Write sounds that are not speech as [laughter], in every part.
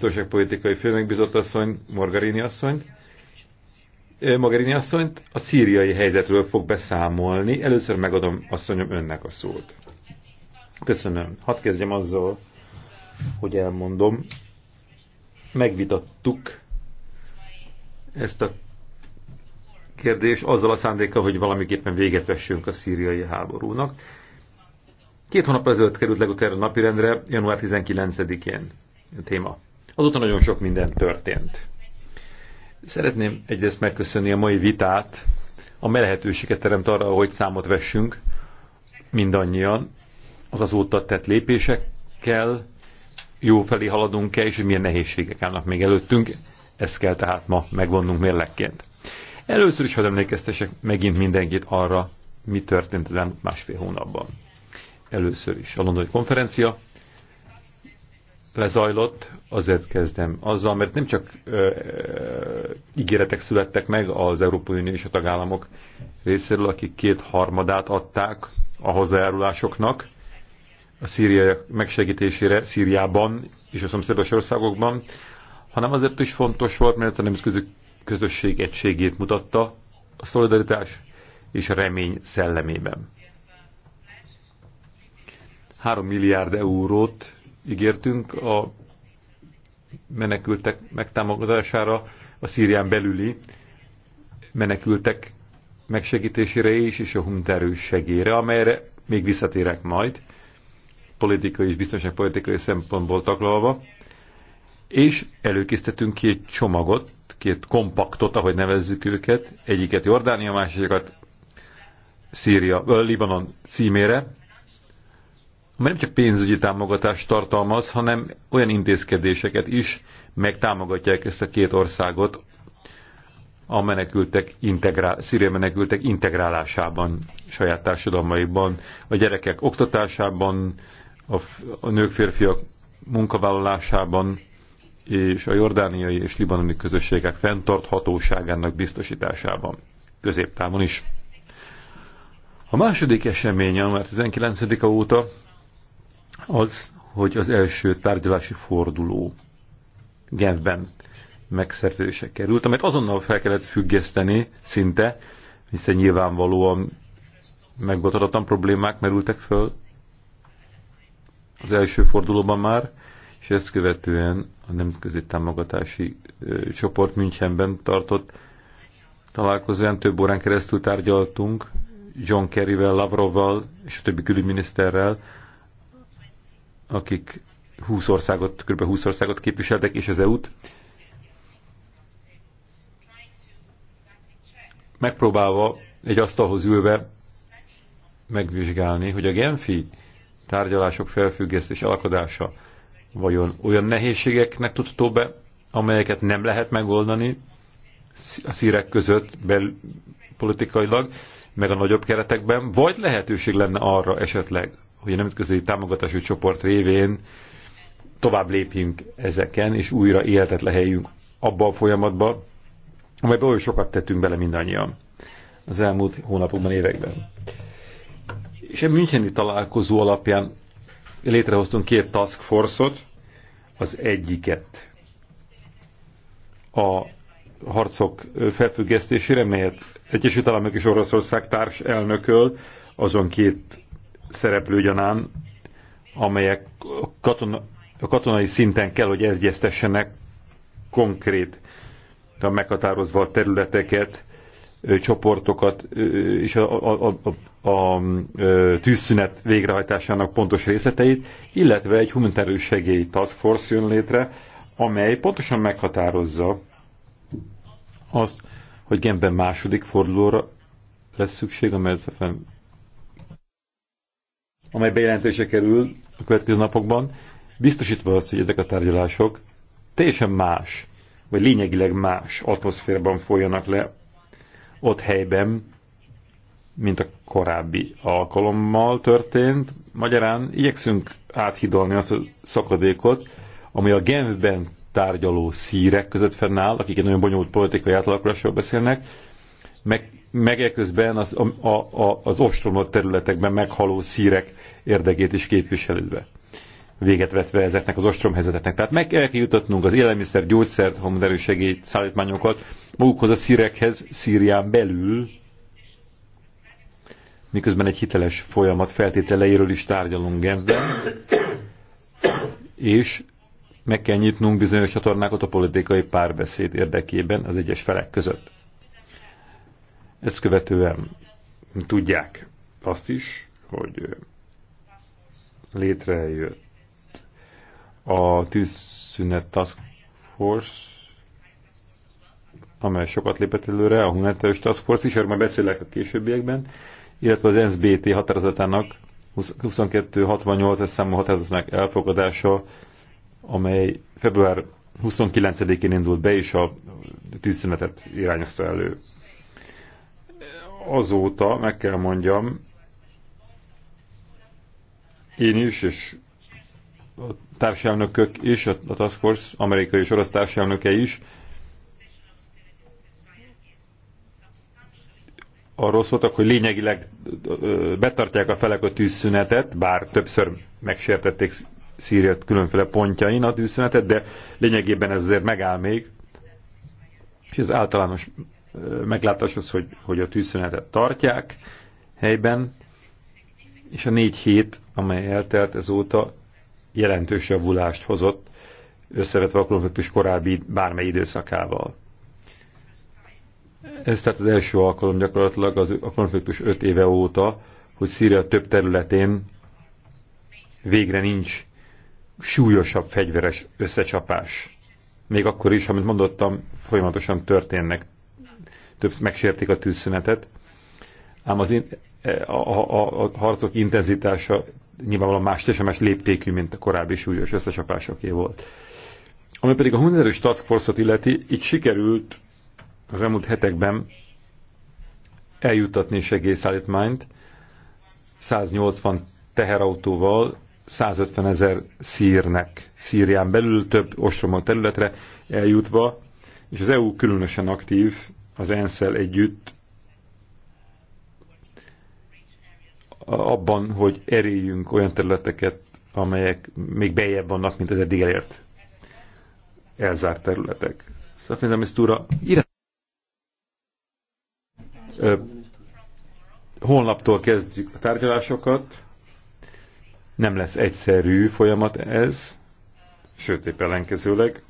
biztonságpolitikai főmegbizott asszony, Margarini asszonyt, Margarini asszonyt a szíriai helyzetről fog beszámolni. Először megadom asszonyom önnek a szót. Köszönöm. Hadd kezdjem azzal, hogy elmondom. Megvitattuk ezt a kérdést azzal a szándékkal, hogy valamiképpen véget vessünk a szíriai háborúnak. Két hónap ezelőtt került legutóbb napirendre, január 19-én a téma. Azóta nagyon sok minden történt. Szeretném egyrészt megköszönni a mai vitát, a lehetőséget teremt arra, hogy számot vessünk mindannyian az azóta tett lépésekkel, jó felé haladunk-e, és hogy milyen nehézségek állnak még előttünk. Ezt kell tehát ma megvonnunk mérlekként. Először is hadd emlékeztesek megint mindenkit arra, mi történt az elmúlt másfél hónapban. Először is a londoni konferencia, lezajlott, azért kezdem azzal, mert nem csak ö, ö, ígéretek születtek meg az Európai Unió és a tagállamok részéről, akik két harmadát adták a hozzájárulásoknak a szíriaiak megsegítésére Szíriában és a szomszédos országokban, hanem azért is fontos volt, mert a nemzetközi közösség egységét mutatta a szolidaritás és a remény szellemében. 3 milliárd eurót ígértünk a menekültek megtámogatására, a Szírián belüli menekültek megsegítésére is, és a humterős segére, amelyre még visszatérek majd, politikai és biztonságpolitikai szempontból taklalva, És előkészítettünk két csomagot, két kompaktot, ahogy nevezzük őket, egyiket Jordánia, másikat Szíria, Libanon címére, amely nem csak pénzügyi támogatást tartalmaz, hanem olyan intézkedéseket is megtámogatják ezt a két országot a menekültek integrál, menekültek integrálásában, saját társadalmaiban, a gyerekek oktatásában, a, a nők férfiak munkavállalásában, és a jordániai és libanoni közösségek fenntarthatóságának biztosításában, középtávon is. A második eseménye, mert 19. óta az, hogy az első tárgyalási forduló Genfben megszervezése került, amit azonnal fel kellett függeszteni szinte, hiszen nyilvánvalóan megbotadatlan problémák merültek föl az első fordulóban már, és ezt követően a Nemzetközi Támogatási Csoport Münchenben tartott találkozóan több órán keresztül tárgyaltunk John Kerryvel, Lavrovval és a többi külügyminiszterrel, akik 20 országot, kb. 20 országot képviseltek, és az EU-t. Megpróbálva egy asztalhoz ülve megvizsgálni, hogy a Genfi tárgyalások felfüggesztés alakadása vajon olyan nehézségeknek tudható be, amelyeket nem lehet megoldani a szírek között bel politikailag, meg a nagyobb keretekben, vagy lehetőség lenne arra esetleg, hogy a nemzetközi támogatású csoport révén tovább lépjünk ezeken, és újra életet lehelyünk abban a folyamatban, amelyben olyan sokat tettünk bele mindannyian az elmúlt hónapokban, években. És a Müncheni találkozó alapján létrehoztunk két task force-ot, az egyiket a harcok felfüggesztésére, melyet Egyesült Államok és Oroszország társ elnököl, azon két szereplő gyanán, amelyek katona, a katonai szinten kell, hogy ezgyeztessenek konkrét a meghatározva a területeket, csoportokat és a, a, a, a, a tűzszünet végrehajtásának pontos részleteit, illetve egy humanitárius segély task force jön létre, amely pontosan meghatározza azt, hogy Genben második fordulóra lesz szükség a Merzefen amely bejelentése kerül a következő napokban, biztosítva azt, hogy ezek a tárgyalások teljesen más, vagy lényegileg más atmoszférában folyanak le ott helyben, mint a korábbi alkalommal történt. Magyarán igyekszünk áthidalni azt a szakadékot, ami a Genfben tárgyaló szírek között fennáll, akik egy nagyon bonyolult politikai átalakulásról beszélnek, meg, meg az, a, a, a, az ostromlott területekben meghaló szírek érdekét is képviselőbe. Véget vetve ezeknek az ostromhelyzeteknek. Tehát meg kell jutatnunk az élelmiszer, gyógyszert, homoderő segélyt, szállítmányokat magukhoz a szírekhez, Szírián belül, miközben egy hiteles folyamat feltételeiről is tárgyalunk Genfben, és meg kell nyitnunk bizonyos csatornákat a politikai párbeszéd érdekében az egyes felek között. Ezt követően tudják azt is, hogy létrejött a tűzszünet task force, amely sokat lépett előre, a humanitárius task force is, erről majd beszélek a későbbiekben, illetve az NSBT határozatának 2268-es számú határozatának elfogadása, amely február 29-én indult be, és a tűzszünetet irányozta elő. Azóta, meg kell mondjam, én is, és a társelnökök is, a Task Force amerikai és orosz társelnöke is arról szóltak, hogy lényegileg betartják a felek a tűzszünetet, bár többször megsértették Szíriát különféle pontjain a tűzszünetet, de lényegében ez azért megáll még, és ez általános meglátás az, hogy, hogy a tűzszünetet tartják helyben, és a négy hét, amely eltelt ezóta, jelentős javulást hozott, összevetve a konfliktus korábbi bármely időszakával. Ez tehát az első alkalom gyakorlatilag az, a konfliktus öt éve óta, hogy Szíria több területén végre nincs súlyosabb fegyveres összecsapás. Még akkor is, amit mondottam, folyamatosan történnek, több megsértik a tűzszünetet, ám az a, a, a harcok intenzitása nyilvánvalóan más, teljesen más léptékű, mint a korábbi súlyos összecsapásoké volt. Ami pedig a humanitárius task force-ot illeti, itt sikerült az elmúlt hetekben eljutatni segélyszállítmányt 180 teherautóval 150 ezer szírnek Szírián belül több ostromon területre eljutva, és az EU különösen aktív az ensz együtt abban, hogy erüljünk olyan területeket, amelyek még beljebb vannak, mint az eddig elért elzárt területek. ez túra írás... Holnaptól kezdjük a tárgyalásokat. Nem lesz egyszerű folyamat ez, sőt épp ellenkezőleg.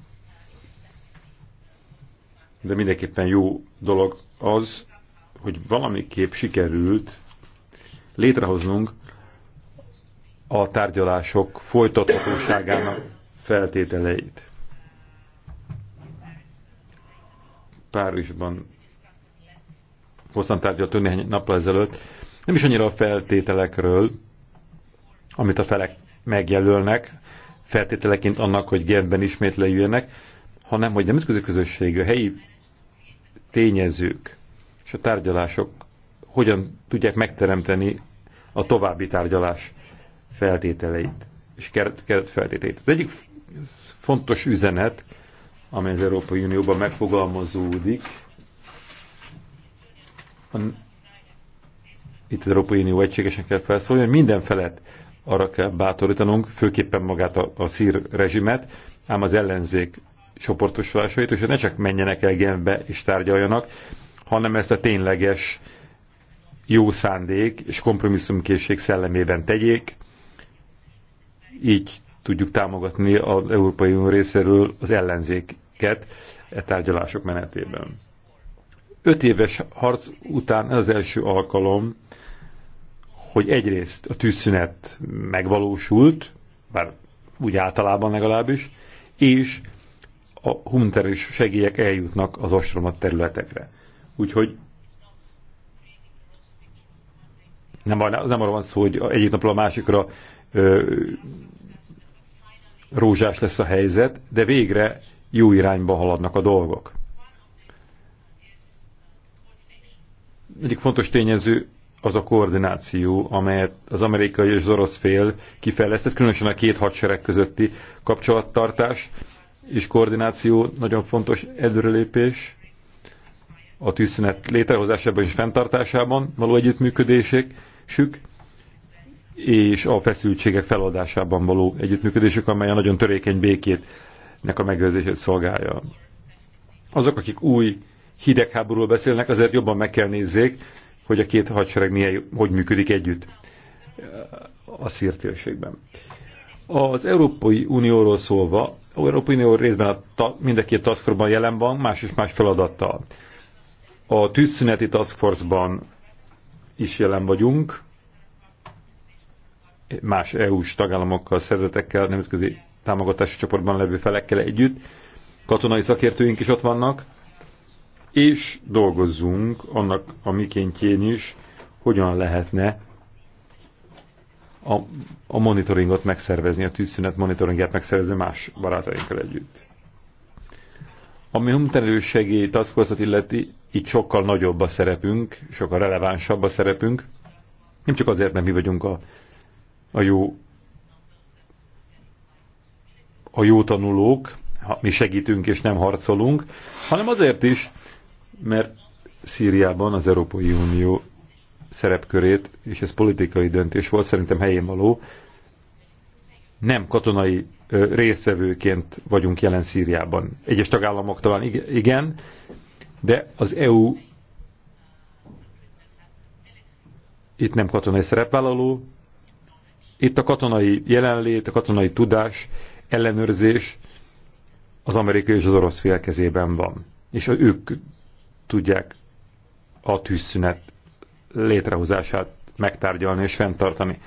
De mindenképpen jó dolog az, hogy valamiképp sikerült létrehoznunk a tárgyalások folytathatóságának feltételeit. Párizsban hosszan tárgyaltunk néhány nappal ezelőtt, nem is annyira a feltételekről, amit a felek megjelölnek, feltételeként annak, hogy gerben ismét leüljenek, hanem hogy nemzetközi közösség, a helyi tényezők és a tárgyalások hogyan tudják megteremteni a további tárgyalás feltételeit és keret, feltételeit. Az egyik fontos üzenet, amely az Európai Unióban megfogalmazódik, a, itt az Európai Unió egységesen kell felszólni, hogy minden felett arra kell bátorítanunk, főképpen magát a, a szír rezsimet, ám az ellenzék csoportosulásait, és ne csak menjenek el Genbe és tárgyaljanak, hanem ezt a tényleges jó szándék és kompromisszumkészség szellemében tegyék, így tudjuk támogatni az Európai Unió részéről az ellenzéket e tárgyalások menetében. Öt éves harc után ez az első alkalom, hogy egyrészt a tűzszünet megvalósult, bár úgy általában legalábbis, és a humanitárius segélyek eljutnak az ostromat területekre. Úgyhogy Nem, nem arra van szó, hogy egyik napról a másikra ö, rózsás lesz a helyzet, de végre jó irányba haladnak a dolgok. Egyik fontos tényező az a koordináció, amelyet az amerikai és az orosz fél kifejlesztett, különösen a két hadsereg közötti kapcsolattartás és koordináció nagyon fontos előrelépés a tűzszünet létrehozásában és fenntartásában való együttműködések, együttműködésük és a feszültségek feladásában való együttműködésük, amely a nagyon törékeny békétnek a megőrzését szolgálja. Azok, akik új hidegháborúról beszélnek, azért jobban meg kell nézzék, hogy a két hadsereg milyen, hogy működik együtt a szírtérségben. Az Európai Unióról szólva, az Európai Unió részben a ta, mind a két taskforban jelen van, más és más feladattal. A tűzszüneti taskforceban is jelen vagyunk, más EU-s tagállamokkal, szervezetekkel, nemzetközi támogatási csoportban levő felekkel együtt, katonai szakértőink is ott vannak, és dolgozzunk annak a mikéntjén is, hogyan lehetne a, a monitoringot megszervezni, a tűzszünet monitoringját megszervezni más barátainkkal együtt. Ami humanitárius segély task illeti, itt sokkal nagyobb a szerepünk, sokkal relevánsabb a szerepünk. Nem csak azért, mert mi vagyunk a, a jó a jó tanulók, ha mi segítünk és nem harcolunk, hanem azért is, mert Szíriában az Európai Unió szerepkörét, és ez politikai döntés volt, szerintem helyén való, nem katonai részvevőként vagyunk jelen Szíriában. Egyes tagállamok talán igen, de az EU itt nem katonai szerepvállaló, itt a katonai jelenlét, a katonai tudás, ellenőrzés az amerikai és az orosz fél kezében van. És ők tudják a tűzszünet létrehozását megtárgyalni és fenntartani.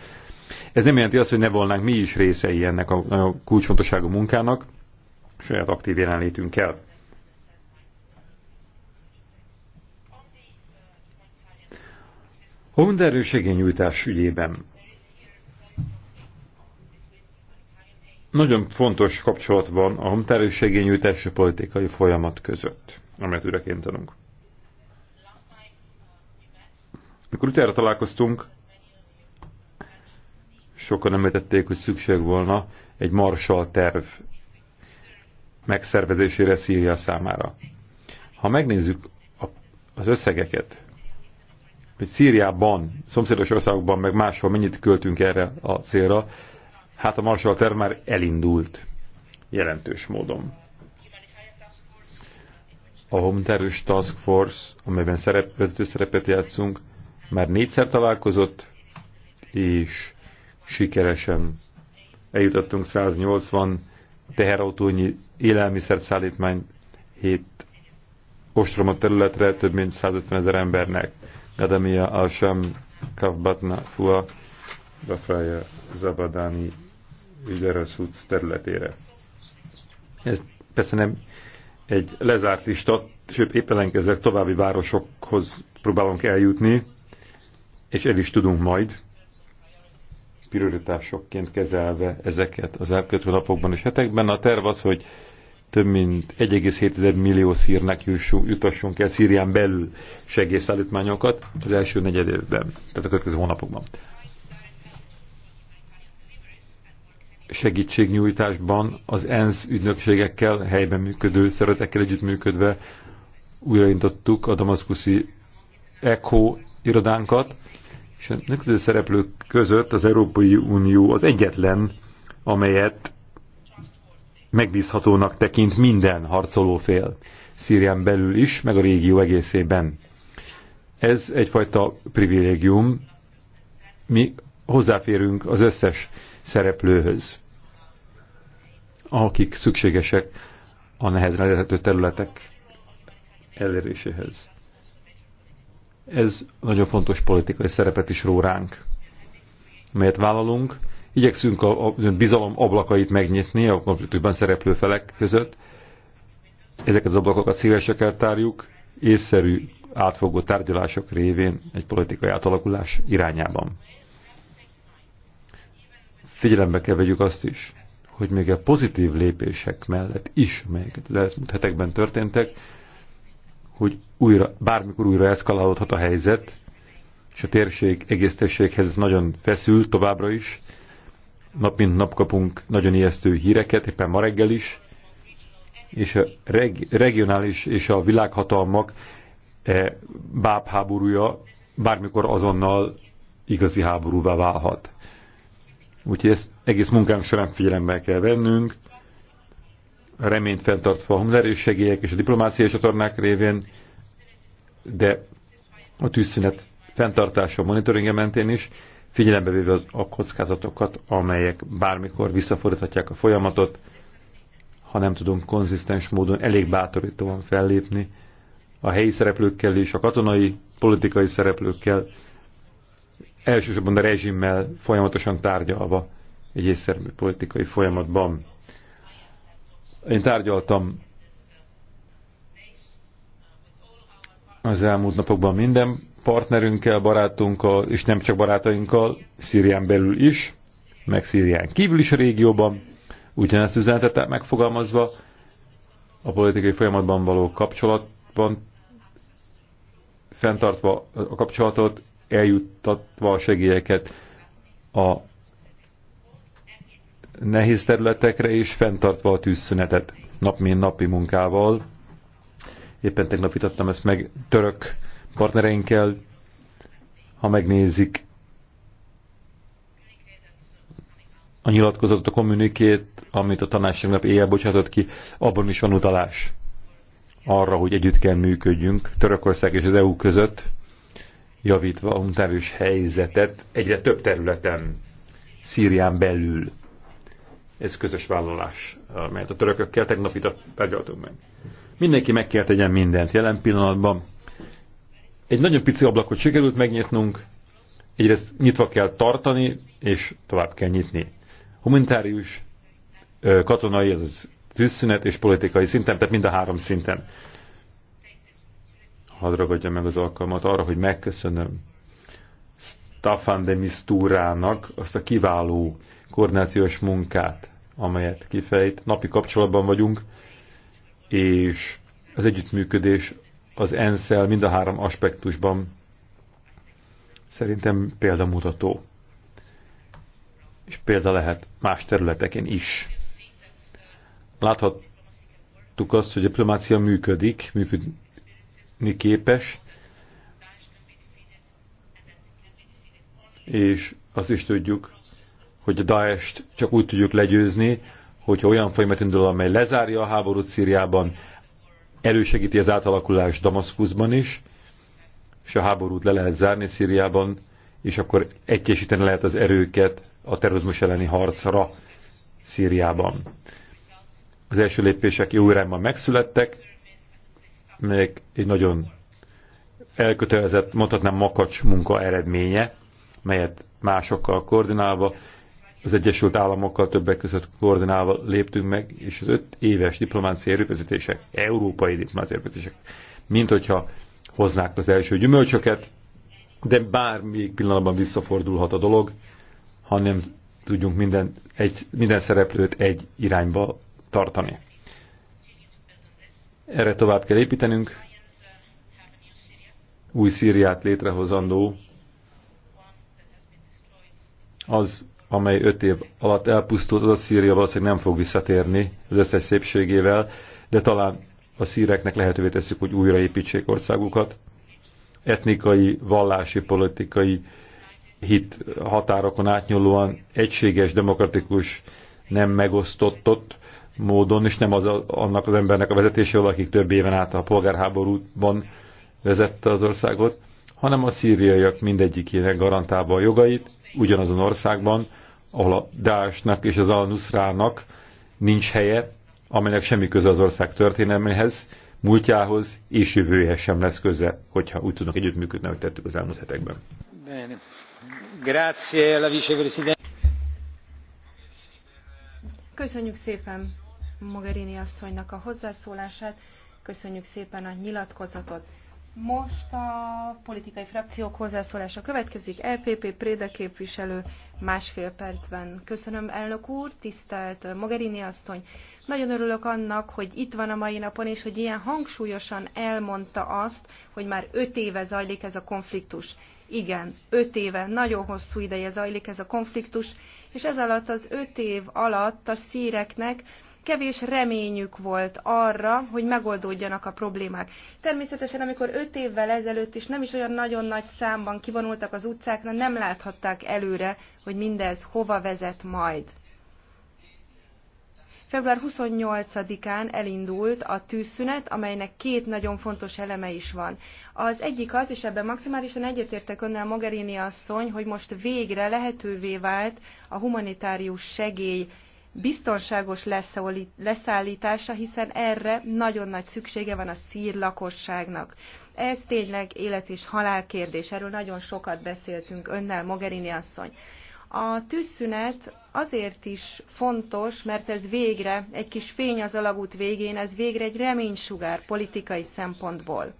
Ez nem jelenti azt, hogy ne volnánk mi is részei ennek a, a kulcsfontosságú munkának, saját aktív jelenlétünkkel. Honderő segényújtás ügyében nagyon fontos kapcsolat van a honterő segényújtási politikai folyamat között, amelyet üreként tanunk. Mikor utára találkoztunk, sokan említették, hogy szükség volna egy marsal terv megszervezésére Szíria számára. Ha megnézzük az összegeket, hogy Szíriában, szomszédos országokban, meg máshol mennyit költünk erre a célra, hát a Marshall terv már elindult jelentős módon. A Humanitárius Task Force, amelyben szerep, vezető szerepet játszunk, már négyszer találkozott, és sikeresen eljutottunk 180 teherautónyi élelmiszert szállítmány 7 ostroma területre több mint 150 ezer embernek. Adamia alsham Kavbatna Fua Bafraja Zabadani Ügyerasúc területére. Ez persze nem egy lezárt lista, sőt épp ellenkezőleg további városokhoz próbálunk eljutni, és el is tudunk majd prioritásokként kezelve ezeket az elkövetkező napokban és hetekben. A terv az, hogy több mint 1,7 millió szírnek jutassunk el Szírián belül segélyszállítmányokat az első negyed évben, tehát a következő hónapokban. Segítségnyújtásban az ENSZ ügynökségekkel, helyben működő szeretekkel együttműködve újraindítottuk a damaszkuszi ECHO irodánkat, és a szereplők között az Európai Unió az egyetlen, amelyet megbízhatónak tekint minden harcolófél, Szírián belül is, meg a régió egészében. Ez egyfajta privilégium, mi hozzáférünk az összes szereplőhöz, akik szükségesek a nehezen elérhető területek eléréséhez. Ez nagyon fontos politikai szerepet is ró ránk, melyet vállalunk, Igyekszünk a, a bizalom ablakait megnyitni a konfliktusban szereplő felek között. Ezeket az ablakokat szívesekkel tárjuk, észszerű, átfogó tárgyalások révén egy politikai átalakulás irányában. Figyelembe kell vegyük azt is, hogy még a pozitív lépések mellett is, melyeket az elmúlt hetekben történtek, hogy újra, bármikor újra eszkalálódhat a helyzet, és a térség egész térséghez nagyon feszül továbbra is, nap mint nap kapunk nagyon ijesztő híreket, éppen ma reggel is, és a reg, regionális és a világhatalmak e, bábháborúja bármikor azonnal igazi háborúvá válhat. Úgyhogy ezt egész munkánk során figyelembe kell vennünk, reményt fenntartva a humlerős segélyek és a diplomáciai csatornák révén, de a tűzszünet fenntartása a monitoringja mentén is, figyelembe véve az, a kockázatokat, amelyek bármikor visszafordíthatják a folyamatot, ha nem tudunk konzisztens módon elég bátorítóan fellépni a helyi szereplőkkel és a katonai, politikai szereplőkkel, elsősorban a rezsimmel folyamatosan tárgyalva egy észszerű politikai folyamatban. Én tárgyaltam az elmúlt napokban minden partnerünkkel, barátunkkal, és nem csak barátainkkal, Szírián belül is, meg Szírián kívül is a régióban, ugyanezt üzenetet megfogalmazva, a politikai folyamatban való kapcsolatban fenntartva a kapcsolatot, eljuttatva a segélyeket a nehéz területekre, és fenntartva a tűzszünetet nap mint napi munkával. Éppen tegnap vitattam ezt meg török partnereinkkel, ha megnézik a nyilatkozatot, a kommunikét, amit a tanács tegnap éjjel bocsátott ki, abban is van utalás arra, hogy együtt kell működjünk Törökország és az EU között, javítva a humanitárius helyzetet egyre több területen, Szírián belül. Ez közös vállalás, mert a törökökkel tegnap itt meg. Mindenki meg tegyen mindent jelen pillanatban, egy nagyon pici ablakot sikerült megnyitnunk, egyrészt nyitva kell tartani, és tovább kell nyitni. Humanitárius, katonai, az tűzszünet és politikai szinten, tehát mind a három szinten. Hadd ragadjam meg az alkalmat arra, hogy megköszönöm Staffan de Mistúrának azt a kiváló koordinációs munkát, amelyet kifejt. Napi kapcsolatban vagyunk, és az együttműködés az Enszel mind a három aspektusban szerintem példamutató. És példa lehet más területeken is. Láthattuk azt, hogy a diplomácia működik, működni képes, és azt is tudjuk, hogy a Daest csak úgy tudjuk legyőzni, hogyha olyan folyamat indul, amely lezárja a háborút Szíriában, elősegíti az átalakulás Damaszkuszban is, és a háborút le lehet zárni Szíriában, és akkor egykésíteni lehet az erőket a terrorizmus elleni harcra Szíriában. Az első lépések jó irányban megszülettek, melyek egy nagyon elkötelezett, mondhatnám makacs munka eredménye, melyet másokkal koordinálva az Egyesült Államokkal többek között koordinálva léptünk meg, és az öt éves diplomáciai erőfeszítések, európai diplomáciai erőfeszítések, mint hogyha hoznák az első gyümölcsöket, de bármelyik pillanatban visszafordulhat a dolog, ha nem tudjunk minden, egy, minden szereplőt egy irányba tartani. Erre tovább kell építenünk. Új Szíriát létrehozandó az amely öt év alatt elpusztult, az a Szíria valószínűleg nem fog visszatérni az összes szépségével, de talán a szíreknek lehetővé tesszük, hogy újraépítsék országukat. Etnikai, vallási, politikai hit határokon átnyúlóan egységes, demokratikus, nem megosztott módon, és nem az a, annak az embernek a vezetése, akik több éven át a polgárháborúban vezette az országot, hanem a szíriaiak mindegyikének garantálva a jogait, ugyanazon országban, ahol a Dásnak és az Al-Nusrának nincs helye, amelynek semmi köze az ország történelméhez, múltjához és jövőhez sem lesz köze, hogyha úgy tudnak együttműködni, ahogy tettük az elmúlt hetekben. Köszönjük szépen Mogherini asszonynak a hozzászólását, köszönjük szépen a nyilatkozatot. Most a politikai frakciók hozzászólása következik. LPP e Préde képviselő másfél percben. Köszönöm, elnök úr, tisztelt Mogherini asszony. Nagyon örülök annak, hogy itt van a mai napon, és hogy ilyen hangsúlyosan elmondta azt, hogy már öt éve zajlik ez a konfliktus. Igen, öt éve, nagyon hosszú ideje zajlik ez a konfliktus, és ez alatt az öt év alatt a szíreknek kevés reményük volt arra, hogy megoldódjanak a problémák. Természetesen, amikor öt évvel ezelőtt is nem is olyan nagyon nagy számban kivonultak az utcákra, nem láthatták előre, hogy mindez hova vezet majd. Február 28-án elindult a tűzszünet, amelynek két nagyon fontos eleme is van. Az egyik az, és ebben maximálisan egyetértek önnel Mogherini asszony, hogy most végre lehetővé vált a humanitárius segély biztonságos leszállítása, hiszen erre nagyon nagy szüksége van a szír lakosságnak. Ez tényleg élet és halál kérdés, erről nagyon sokat beszéltünk önnel, Mogherini asszony. A tűzszünet azért is fontos, mert ez végre egy kis fény az alagút végén, ez végre egy reménysugár politikai szempontból.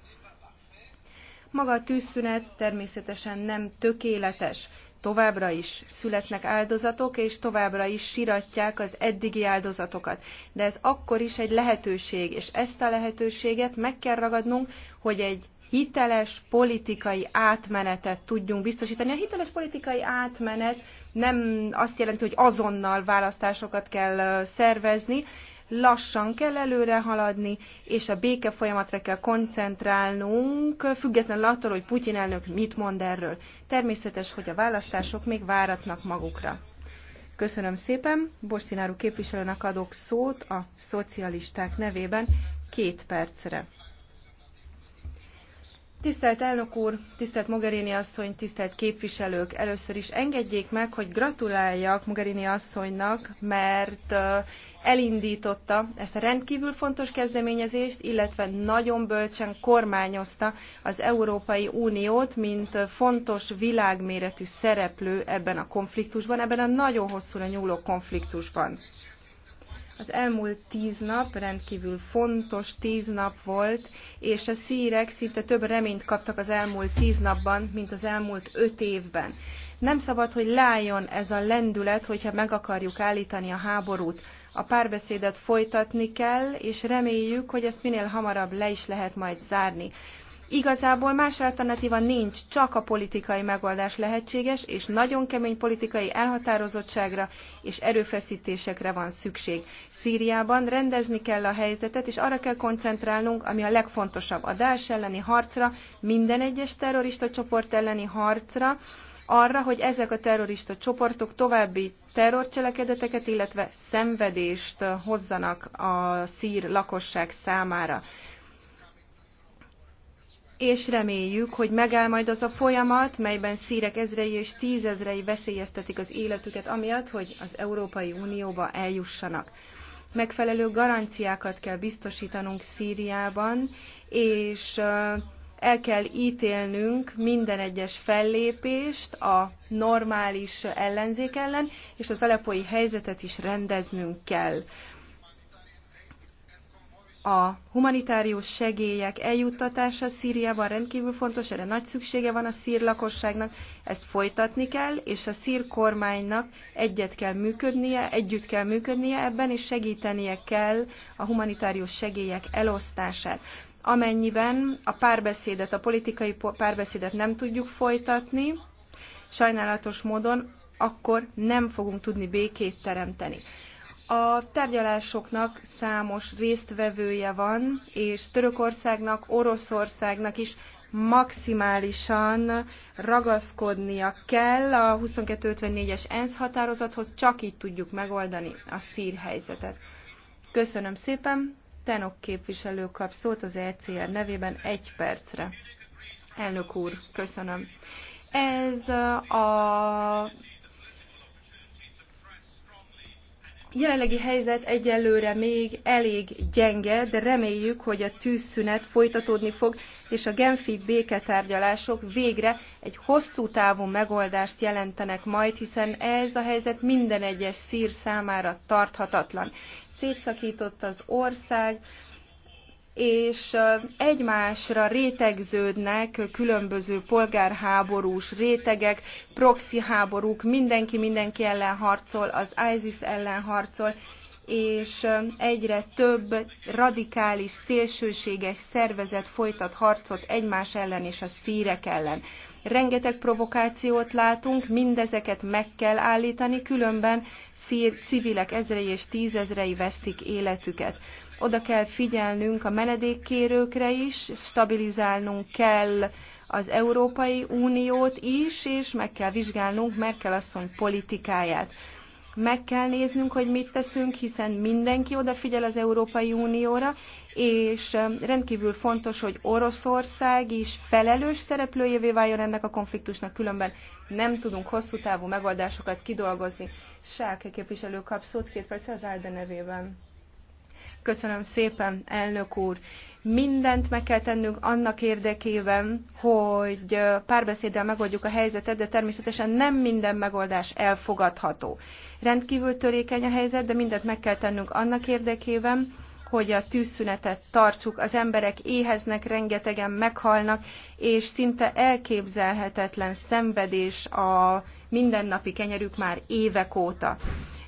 Maga a tűzszünet természetesen nem tökéletes, Továbbra is születnek áldozatok, és továbbra is siratják az eddigi áldozatokat. De ez akkor is egy lehetőség, és ezt a lehetőséget meg kell ragadnunk, hogy egy hiteles politikai átmenetet tudjunk biztosítani. A hiteles politikai átmenet nem azt jelenti, hogy azonnal választásokat kell szervezni, lassan kell előre haladni, és a béke folyamatra kell koncentrálnunk, függetlenül attól, hogy Putyin elnök mit mond erről. Természetes, hogy a választások még váratnak magukra. Köszönöm szépen. Bostináru képviselőnek adok szót a szocialisták nevében két percre. Tisztelt elnök úr, tisztelt Mogherini asszony, tisztelt képviselők! Először is engedjék meg, hogy gratuláljak Mogherini asszonynak, mert elindította ezt a rendkívül fontos kezdeményezést, illetve nagyon bölcsen kormányozta az Európai Uniót, mint fontos világméretű szereplő ebben a konfliktusban, ebben a nagyon hosszúra nyúló konfliktusban. Az elmúlt tíz nap rendkívül fontos tíz nap volt, és a szírek szinte több reményt kaptak az elmúlt tíz napban, mint az elmúlt öt évben. Nem szabad, hogy lájon ez a lendület, hogyha meg akarjuk állítani a háborút. A párbeszédet folytatni kell, és reméljük, hogy ezt minél hamarabb le is lehet majd zárni. Igazából más alternatíva nincs, csak a politikai megoldás lehetséges, és nagyon kemény politikai elhatározottságra és erőfeszítésekre van szükség. Szíriában rendezni kell a helyzetet, és arra kell koncentrálnunk, ami a legfontosabb, a Daesh elleni harcra, minden egyes terrorista csoport elleni harcra, arra, hogy ezek a terrorista csoportok további terrorcselekedeteket, illetve szenvedést hozzanak a szír lakosság számára és reméljük, hogy megáll majd az a folyamat, melyben szírek ezrei és tízezrei veszélyeztetik az életüket, amiatt, hogy az Európai Unióba eljussanak. Megfelelő garanciákat kell biztosítanunk Szíriában, és el kell ítélnünk minden egyes fellépést a normális ellenzék ellen, és az alepói helyzetet is rendeznünk kell a humanitárius segélyek eljuttatása Szíriában rendkívül fontos, erre nagy szüksége van a szír lakosságnak, ezt folytatni kell, és a szír kormánynak egyet kell működnie, együtt kell működnie ebben, és segítenie kell a humanitárius segélyek elosztását. Amennyiben a párbeszédet, a politikai párbeszédet nem tudjuk folytatni, sajnálatos módon akkor nem fogunk tudni békét teremteni. A tárgyalásoknak számos résztvevője van, és Törökországnak, Oroszországnak is maximálisan ragaszkodnia kell a 2254-es ENSZ határozathoz, csak így tudjuk megoldani a szír helyzetet. Köszönöm szépen, Tenok képviselő kap szót az ECR nevében egy percre. Elnök úr, köszönöm. Ez a jelenlegi helyzet egyelőre még elég gyenge, de reméljük, hogy a tűzszünet folytatódni fog, és a Genfi béketárgyalások végre egy hosszú távú megoldást jelentenek majd, hiszen ez a helyzet minden egyes szír számára tarthatatlan. Szétszakított az ország, és egymásra rétegződnek különböző polgárháborús rétegek, proxy háborúk, mindenki mindenki ellen harcol, az ISIS ellen harcol, és egyre több radikális, szélsőséges szervezet folytat harcot egymás ellen és a szírek ellen. Rengeteg provokációt látunk, mindezeket meg kell állítani, különben szír civilek ezrei és tízezrei vesztik életüket. Oda kell figyelnünk a menedékkérőkre is, stabilizálnunk kell az Európai Uniót is, és meg kell vizsgálnunk Merkel asszony politikáját meg kell néznünk, hogy mit teszünk, hiszen mindenki odafigyel az Európai Unióra, és rendkívül fontos, hogy Oroszország is felelős szereplőjévé váljon ennek a konfliktusnak, különben nem tudunk hosszú távú megoldásokat kidolgozni. Sáke képviselő kap szót két perc az Álde nevében. Köszönöm szépen, elnök úr. Mindent meg kell tennünk annak érdekében, hogy párbeszéddel megoldjuk a helyzetet, de természetesen nem minden megoldás elfogadható. Rendkívül törékeny a helyzet, de mindent meg kell tennünk annak érdekében, hogy a tűzszünetet tartsuk, az emberek éheznek, rengetegen meghalnak, és szinte elképzelhetetlen szenvedés a mindennapi kenyerük már évek óta.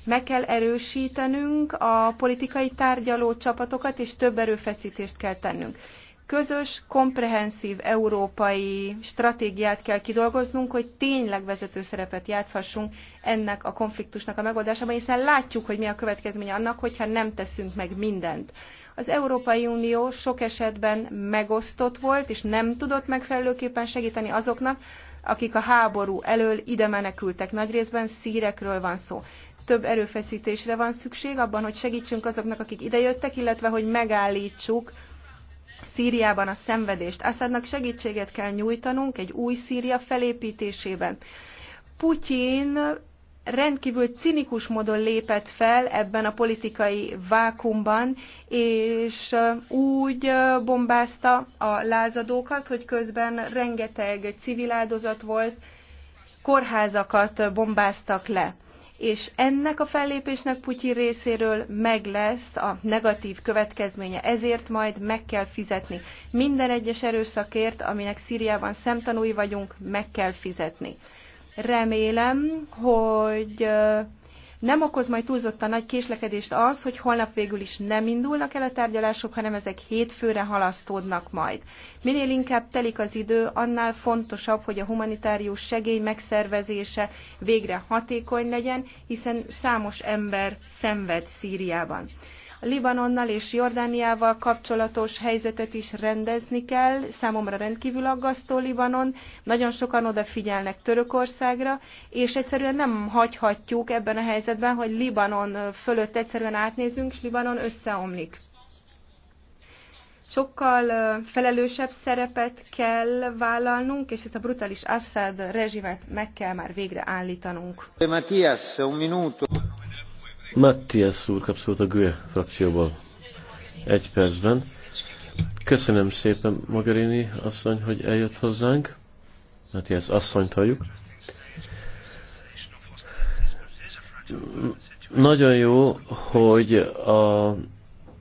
Meg kell erősítenünk a politikai tárgyaló csapatokat, és több erőfeszítést kell tennünk. Közös, komprehenszív európai stratégiát kell kidolgoznunk, hogy tényleg vezető szerepet játszhassunk ennek a konfliktusnak a megoldásában, hiszen látjuk, hogy mi a következménye annak, hogyha nem teszünk meg mindent. Az Európai Unió sok esetben megosztott volt, és nem tudott megfelelőképpen segíteni azoknak, akik a háború elől ide menekültek. Nagy részben szírekről van szó több erőfeszítésre van szükség abban, hogy segítsünk azoknak, akik idejöttek, illetve hogy megállítsuk Szíriában a szenvedést. Assadnak segítséget kell nyújtanunk egy új Szíria felépítésében. Putyin rendkívül cinikus módon lépett fel ebben a politikai vákumban, és úgy bombázta a lázadókat, hogy közben rengeteg civil áldozat volt, kórházakat bombáztak le és ennek a fellépésnek Putyin részéről meg lesz a negatív következménye, ezért majd meg kell fizetni. Minden egyes erőszakért, aminek Szíriában szemtanúi vagyunk, meg kell fizetni. Remélem, hogy nem okoz majd túlzottan nagy késlekedést az, hogy holnap végül is nem indulnak el a tárgyalások, hanem ezek hétfőre halasztódnak majd. Minél inkább telik az idő, annál fontosabb, hogy a humanitárius segély megszervezése végre hatékony legyen, hiszen számos ember szenved Szíriában. Libanonnal és Jordániával kapcsolatos helyzetet is rendezni kell. Számomra rendkívül aggasztó Libanon, nagyon sokan odafigyelnek Törökországra, és egyszerűen nem hagyhatjuk ebben a helyzetben, hogy Libanon fölött egyszerűen átnézünk, és Libanon összeomlik sokkal felelősebb szerepet kell vállalnunk, és ezt a brutális Assad rezsimet meg kell már végre állítanunk. Matthias, un minuto. Matthias úr kap a GUE frakcióból. Egy percben. Köszönöm szépen, Magarini asszony, hogy eljött hozzánk. Matthias asszonyt halljuk. Nagyon jó, hogy a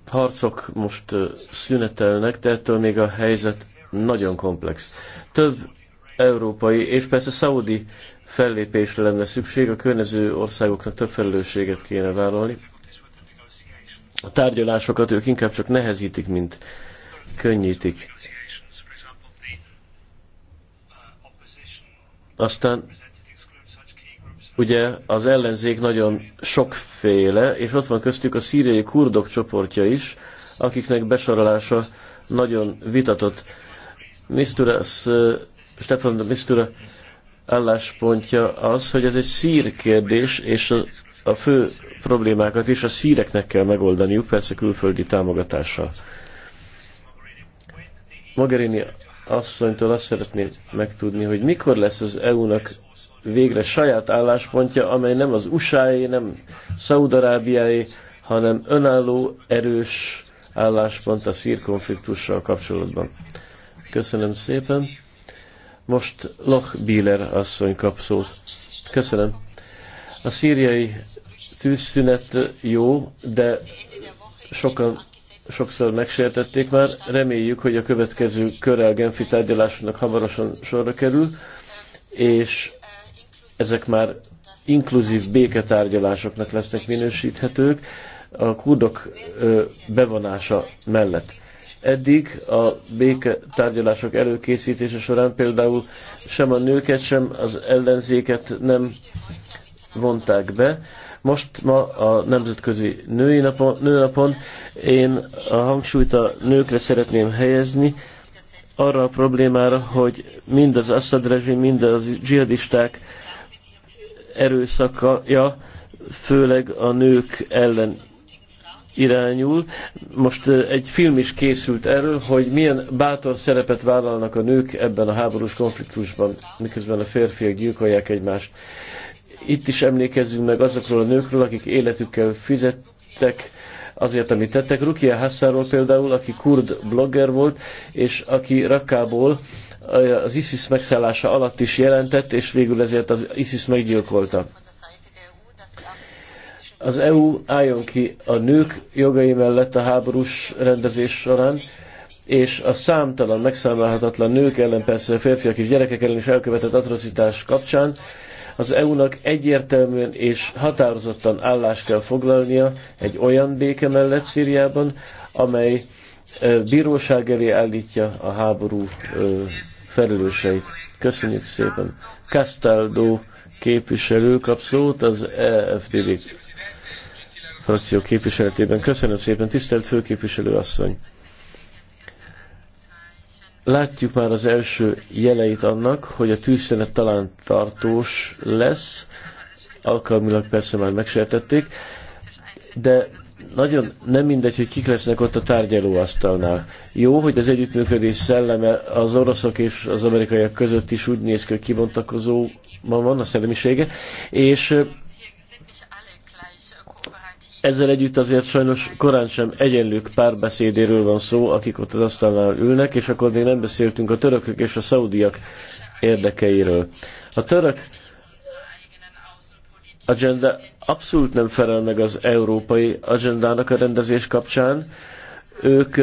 harcok most szünetelnek, de ettől még a helyzet nagyon komplex. Több európai és persze szaudi fellépésre lenne szükség, a környező országoknak több felelősséget kéne vállalni. A tárgyalásokat ők inkább csak nehezítik, mint könnyítik. Aztán ugye az ellenzék nagyon sokféle, és ott van köztük a szíriai kurdok csoportja is, akiknek besorolása nagyon vitatott. Mr. Stefan Mistura álláspontja az, hogy ez egy szír kérdés, és a, a fő problémákat is a szíreknek kell megoldaniuk, persze külföldi támogatással. Mogherini asszonytól azt szeretném megtudni, hogy mikor lesz az EU-nak végre saját álláspontja, amely nem az USA-é, nem Szaudarábiáé, hanem önálló, erős álláspont a szír konfliktussal kapcsolatban. Köszönöm szépen! Most Loch Bieler asszony kap szót. Köszönöm. A szíriai tűzszünet jó, de sokan sokszor megsértették már. Reméljük, hogy a következő körrel Genfi tárgyalásnak hamarosan sorra kerül, és ezek már inkluzív béketárgyalásoknak lesznek minősíthetők a kurdok bevonása mellett. Eddig a béke tárgyalások előkészítése során például sem a nőket, sem az ellenzéket nem vonták be. Most ma a Nemzetközi Női Napon, Nőnapon én a hangsúlyt a nőkre szeretném helyezni, arra a problémára, hogy mind az Assad rezsim, mind az dzsihadisták erőszakja, főleg a nők ellen irányul. Most egy film is készült erről, hogy milyen bátor szerepet vállalnak a nők ebben a háborús konfliktusban, miközben a férfiak gyilkolják egymást. Itt is emlékezzünk meg azokról a nőkről, akik életükkel fizettek azért, amit tettek. Rukia Hassáról például, aki kurd blogger volt, és aki Rakkából az ISIS megszállása alatt is jelentett, és végül ezért az ISIS meggyilkolta. Az EU álljon ki a nők jogai mellett a háborús rendezés során, és a számtalan, megszámálhatatlan nők ellen, persze férfiak és gyerekek ellen is elkövetett atrocitás kapcsán, az EU-nak egyértelműen és határozottan állást kell foglalnia egy olyan béke mellett Szíriában, amely bíróság elé állítja a háború felelőseit. Köszönjük szépen. Castaldo képviselő kap szót az EFDD frakció képviseletében. Köszönöm szépen, tisztelt főképviselő asszony! Látjuk már az első jeleit annak, hogy a tűzszenet talán tartós lesz, alkalmilag persze már megsértették, de nagyon nem mindegy, hogy kik lesznek ott a tárgyalóasztalnál. Jó, hogy az együttműködés szelleme az oroszok és az amerikaiak között is úgy néz ki, hogy kibontakozó van a szellemisége, és ezzel együtt azért sajnos korán sem egyenlők párbeszédéről van szó, akik ott az asztalnál ülnek, és akkor még nem beszéltünk a törökök és a szaudiak érdekeiről. A török agenda abszolút nem felel meg az európai agendának a rendezés kapcsán. Ők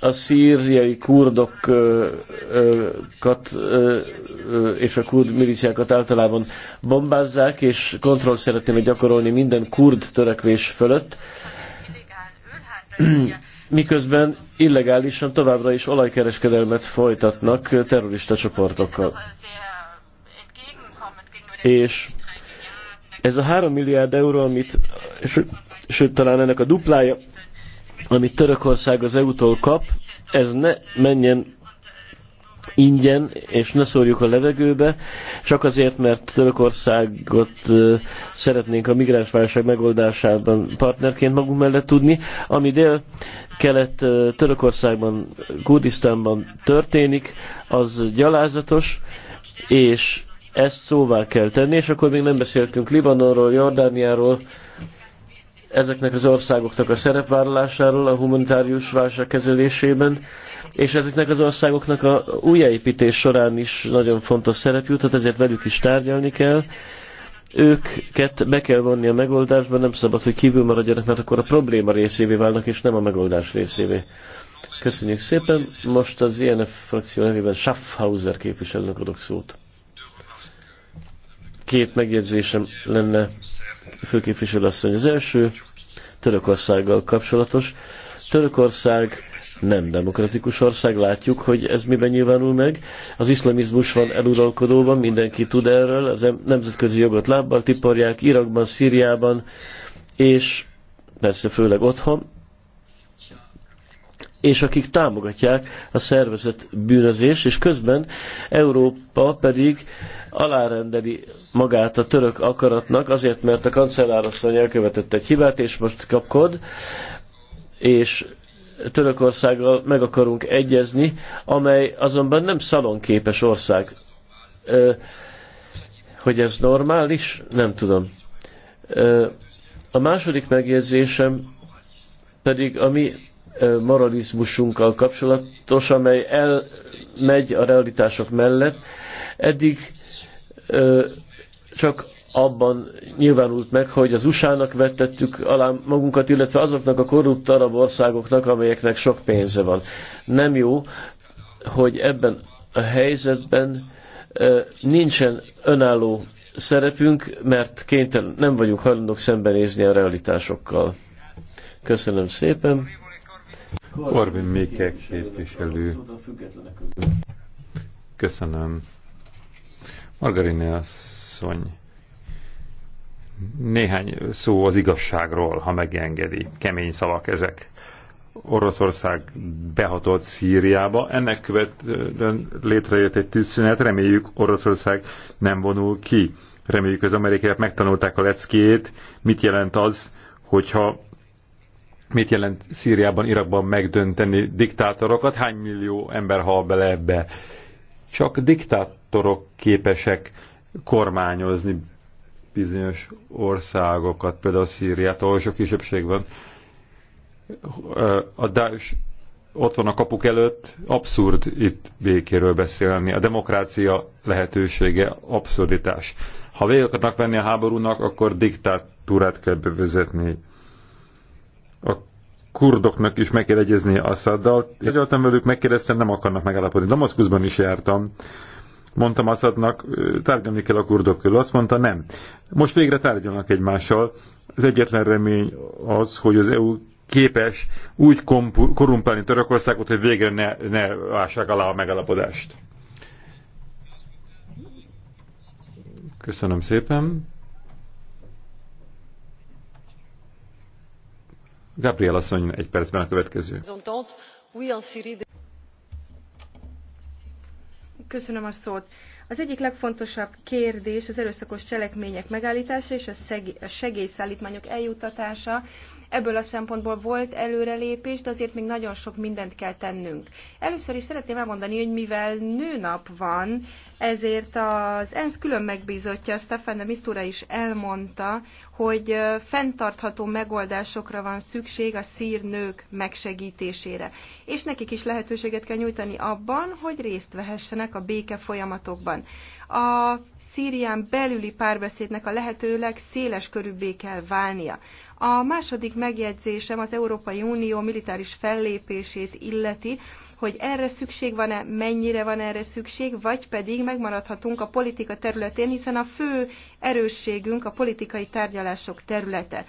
a szíriai kurdokat és a kurd miliciákat általában bombázzák, és kontroll szeretnének gyakorolni minden kurd törekvés fölött, [clears throat] miközben illegálisan továbbra is olajkereskedelmet folytatnak terrorista csoportokkal. És ez a 3 milliárd euró, amit, sőt, sőt talán ennek a duplája, amit Törökország az EU-tól kap, ez ne menjen ingyen, és ne szórjuk a levegőbe, csak azért, mert Törökországot szeretnénk a migránsválság megoldásában partnerként magunk mellett tudni, ami dél-kelet Törökországban, Kurdisztánban történik, az gyalázatos, és ezt szóvá kell tenni, és akkor még nem beszéltünk Libanonról, Jordániáról, ezeknek az országoknak a szerepvállalásáról a humanitárius válság kezelésében, és ezeknek az országoknak a újjáépítés során is nagyon fontos szerep tehát ezért velük is tárgyalni kell. Őket be kell vonni a megoldásba, nem szabad, hogy kívül maradjanak, mert akkor a probléma részévé válnak, és nem a megoldás részévé. Köszönjük szépen. Most az INF frakció nevében Schaffhauser képviselőnek adok szót. Két megjegyzésem lenne főképviselőasszony. Az első Törökországgal kapcsolatos. Törökország nem demokratikus ország, látjuk, hogy ez miben nyilvánul meg. Az iszlamizmus van eluralkodóban, mindenki tud erről, az nemzetközi jogot lábbal tiparják Irakban, Szíriában, és persze főleg otthon és akik támogatják a szervezet bűnözés, és közben Európa pedig alárendeli magát a török akaratnak, azért, mert a kancellárasszony elkövetett egy hibát, és most kapkod, és Törökországgal meg akarunk egyezni, amely azonban nem szalonképes ország. Ö, hogy ez normális? Nem tudom. Ö, a második megjegyzésem pedig a mi moralizmusunkkal kapcsolatos, amely elmegy a realitások mellett. Eddig csak abban nyilvánult meg, hogy az USA-nak vettettük alá magunkat, illetve azoknak a korrupt arab országoknak, amelyeknek sok pénze van. Nem jó, hogy ebben a helyzetben nincsen önálló szerepünk, mert kénytelen, nem vagyunk hajlandók szembenézni a realitásokkal. Köszönöm szépen. Korbin Mikke képviselő. Köszönöm. Margarine asszony. Néhány szó az igazságról, ha megengedi. Kemény szavak ezek. Oroszország behatolt Szíriába. Ennek követően létrejött egy tűzszünet, reméljük Oroszország nem vonul ki. Reméljük az amerikaiak megtanulták a leckét, mit jelent az, hogyha mit jelent Szíriában, Irakban megdönteni diktátorokat, hány millió ember hal bele ebbe. Csak diktátorok képesek kormányozni bizonyos országokat, például Szíriát, ahol sok kisebbség van. A Daesh ott van a kapuk előtt, abszurd itt békéről beszélni. A demokrácia lehetősége abszurditás. Ha végig akarnak venni a háborúnak, akkor diktátúrát kell bevezetni kurdoknak is meg kell egyezni Assaddal. Egyáltalán velük megkérdeztem, nem akarnak megállapodni. Damaszkuszban is jártam. Mondtam Assadnak, tárgyalni kell a kurdokkal. Azt mondta, nem. Most végre tárgyalnak egymással. Az egyetlen remény az, hogy az EU képes úgy korumpálni Törökországot, hogy végre ne, ne ássák alá a megalapodást. Köszönöm szépen. Gabriel asszony egy percben a következő. Köszönöm a szót. Az egyik legfontosabb kérdés az erőszakos cselekmények megállítása és a segélyszállítmányok eljutatása. Ebből a szempontból volt előrelépés, de azért még nagyon sok mindent kell tennünk. Először is szeretném elmondani, hogy mivel nőnap van, ezért az ENSZ külön megbízottja, Stefan de Mistura is elmondta, hogy fenntartható megoldásokra van szükség a szír nők megsegítésére. És nekik is lehetőséget kell nyújtani abban, hogy részt vehessenek a béke folyamatokban a Szírián belüli párbeszédnek a lehetőleg széles körűbbé kell válnia. A második megjegyzésem az Európai Unió militáris fellépését illeti, hogy erre szükség van-e, mennyire van erre szükség, vagy pedig megmaradhatunk a politika területén, hiszen a fő erősségünk a politikai tárgyalások területe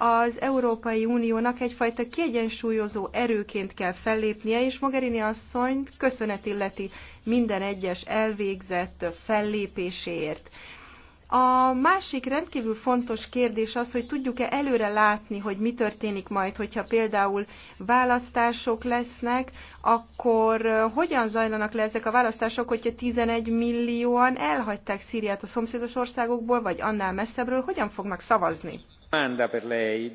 az Európai Uniónak egyfajta kiegyensúlyozó erőként kell fellépnie, és Mogherini asszonyt köszönet illeti minden egyes elvégzett fellépéséért. A másik rendkívül fontos kérdés az, hogy tudjuk-e előre látni, hogy mi történik majd, hogyha például választások lesznek, akkor hogyan zajlanak le ezek a választások, hogyha 11 millióan elhagyták Szíriát a szomszédos országokból, vagy annál messzebbről, hogyan fognak szavazni? Eh,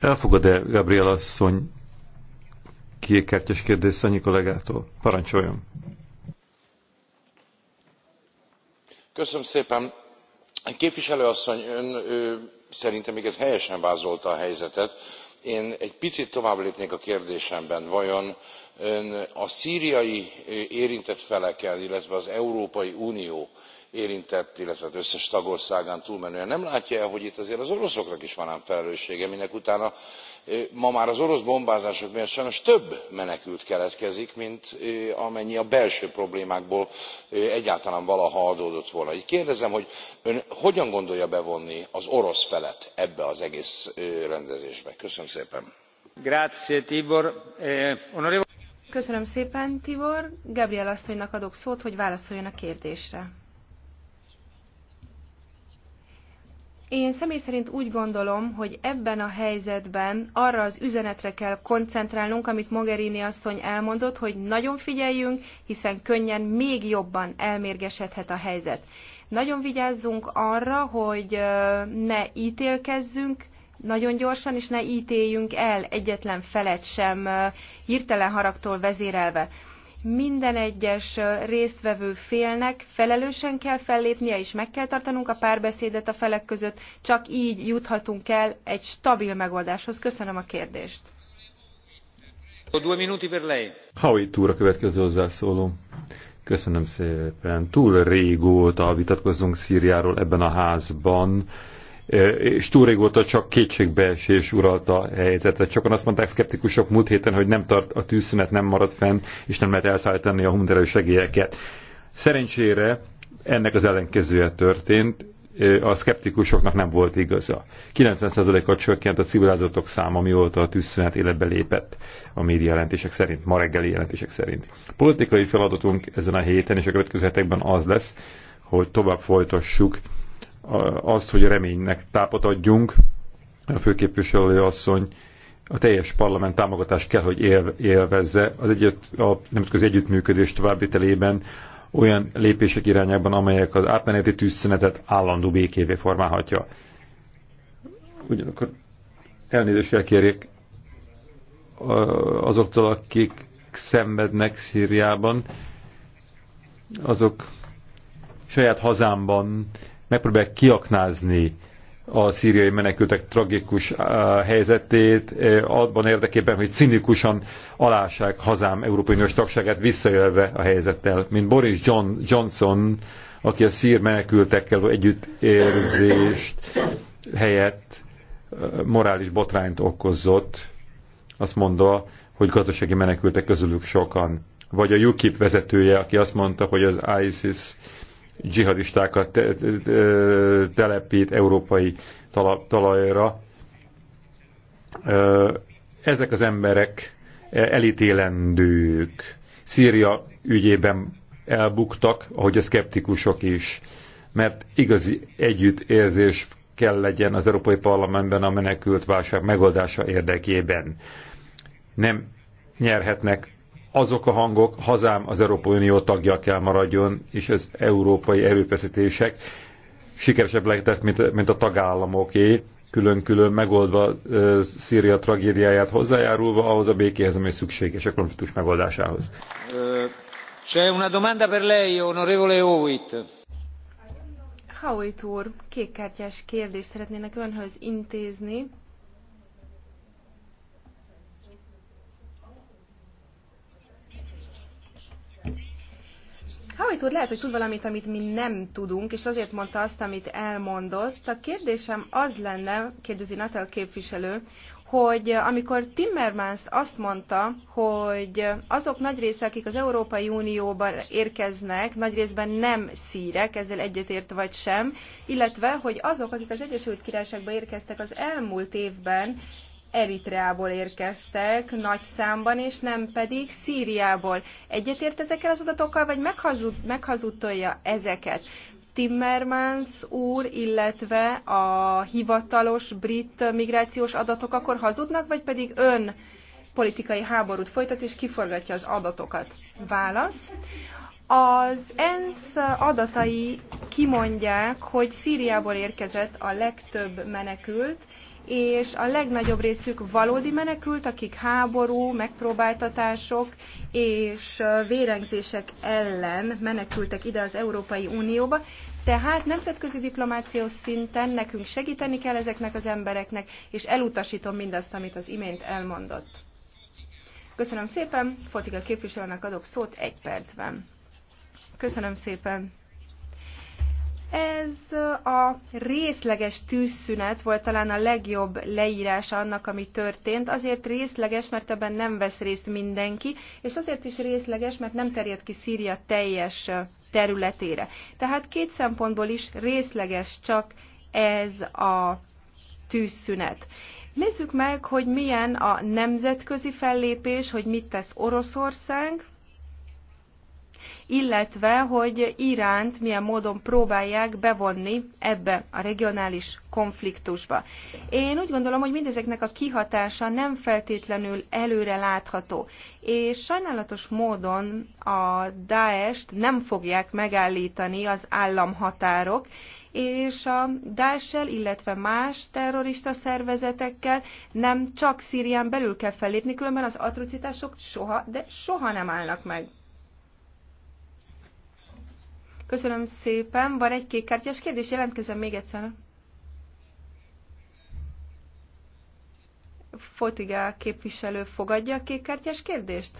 Elfogad-e Gabriel asszony kékkártyás kérdés Szanyi kollégától? Parancsoljon! Köszönöm szépen! Képviselő asszony, ön ő, szerintem igen helyesen vázolta a helyzetet. Én egy picit tovább lépnék a kérdésemben. Vajon ön a szíriai érintett felekkel, illetve az Európai Unió érintett illetve az összes tagországán túlmenően nem látja e hogy itt azért az oroszoknak is van ám felelőssége utána, ma már az orosz bombázások miatt sajnos több menekült keletkezik mint amennyi a belső problémákból egyáltalán valaha adódott volna. gy kérdezem hogy ön hogyan gondolja bevonni az orosz felet ebbe az egész rendezésbe? köszönöm szépen. köszönöm szépen tibor. gabriel asszonynak adok szót hogy válaszoljon a kérdésre. Én személy szerint úgy gondolom, hogy ebben a helyzetben arra az üzenetre kell koncentrálnunk, amit Mogherini asszony elmondott, hogy nagyon figyeljünk, hiszen könnyen még jobban elmérgesedhet a helyzet. Nagyon vigyázzunk arra, hogy ne ítélkezzünk, nagyon gyorsan, és ne ítéljünk el egyetlen felet sem hirtelen haragtól vezérelve minden egyes résztvevő félnek felelősen kell fellépnie, és meg kell tartanunk a párbeszédet a felek között, csak így juthatunk el egy stabil megoldáshoz. Köszönöm a kérdést. itt úr a következő hozzászóló. Köszönöm szépen. Túl régóta vitatkozunk Szíriáról ebben a házban és túl régóta csak kétségbeesés uralta a helyzetet. Sokan azt mondták szkeptikusok múlt héten, hogy nem tart, a tűzszünet nem marad fenn, és nem lehet elszállítani a humanitárius segélyeket. Szerencsére ennek az ellenkezője történt, a szkeptikusoknak nem volt igaza. 90 a csökkent a civilizátok száma, mióta a tűzszünet életbe lépett a média jelentések szerint, ma reggeli jelentések szerint. Politikai feladatunk ezen a héten és a következő hetekben az lesz, hogy tovább folytassuk azt, hogy reménynek tápot adjunk. A főképviselő asszony a teljes parlament támogatást kell, hogy élvezze az együtt, a nemzetközi együttműködés továbbvitelében olyan lépések irányában, amelyek az átmeneti tűzszünetet állandó békévé formálhatja. Ugyanakkor elnézést kérjék azoktól, akik szenvednek Szíriában, azok saját hazámban megpróbálják kiaknázni a szíriai menekültek tragikus helyzetét, e, abban érdekében, hogy cinikusan alássák hazám Európai Uniós tagságát visszaélve a helyzettel, mint Boris John, Johnson, aki a szír menekültekkel együttérzést helyett e, morális botrányt okozott, azt mondta, hogy gazdasági menekültek közülük sokan. Vagy a UKIP vezetője, aki azt mondta, hogy az ISIS dzsihadistákat te, te, te, telepít európai tala, talajra. Ezek az emberek e- elítélendők. Szíria ügyében elbuktak, ahogy a szkeptikusok is, mert igazi együttérzés kell legyen az Európai Parlamentben a menekült válság megoldása érdekében. Nem nyerhetnek azok a hangok, hazám az Európai Unió tagja kell maradjon, és az európai erőfeszítések sikeresebb lehetett, mint, mint a tagállamoké, külön-külön megoldva uh, Szíria tragédiáját hozzájárulva ahhoz a békéhez, ami szükséges a konfliktus megoldásához. C'è una domanda per lei, onorevole Howitt. Howitt úr, kékkártyás kérdést szeretnének önhöz intézni. Howitt úr lehet, hogy tud valamit, amit mi nem tudunk, és azért mondta azt, amit elmondott. A kérdésem az lenne, kérdezi Natal képviselő, hogy amikor Timmermans azt mondta, hogy azok nagy része, akik az Európai Unióban érkeznek, nagy részben nem szírek, ezzel egyetért vagy sem, illetve, hogy azok, akik az Egyesült Királyságba érkeztek az elmúlt évben, Eritreából érkeztek nagy számban, és nem pedig Szíriából. Egyetért ezekkel az adatokkal, vagy meghazud, meghazudtolja ezeket? Timmermans úr, illetve a hivatalos brit migrációs adatok akkor hazudnak, vagy pedig ön politikai háborút folytat és kiforgatja az adatokat? Válasz. Az ENSZ adatai kimondják, hogy Szíriából érkezett a legtöbb menekült, és a legnagyobb részük valódi menekült, akik háború, megpróbáltatások és vérengzések ellen menekültek ide az Európai Unióba, tehát nemzetközi diplomációs szinten nekünk segíteni kell ezeknek az embereknek, és elutasítom mindazt, amit az imént elmondott. Köszönöm szépen, Fotika képviselőnek adok szót egy percben. Köszönöm szépen. Ez a részleges tűzszünet volt talán a legjobb leírása annak, ami történt. Azért részleges, mert ebben nem vesz részt mindenki, és azért is részleges, mert nem terjed ki Szíria teljes területére. Tehát két szempontból is részleges csak ez a tűzszünet. Nézzük meg, hogy milyen a nemzetközi fellépés, hogy mit tesz Oroszország, illetve hogy Iránt milyen módon próbálják bevonni ebbe a regionális konfliktusba. Én úgy gondolom, hogy mindezeknek a kihatása nem feltétlenül előre látható, és sajnálatos módon a Daest nem fogják megállítani az államhatárok, és a Dássel, illetve más terrorista szervezetekkel nem csak Szírián belül kell fellépni, különben az atrocitások soha, de soha nem állnak meg. Köszönöm szépen. Van egy kártyás kérdés, jelentkezem még egyszer. Fotigá képviselő fogadja a kártyás kérdést?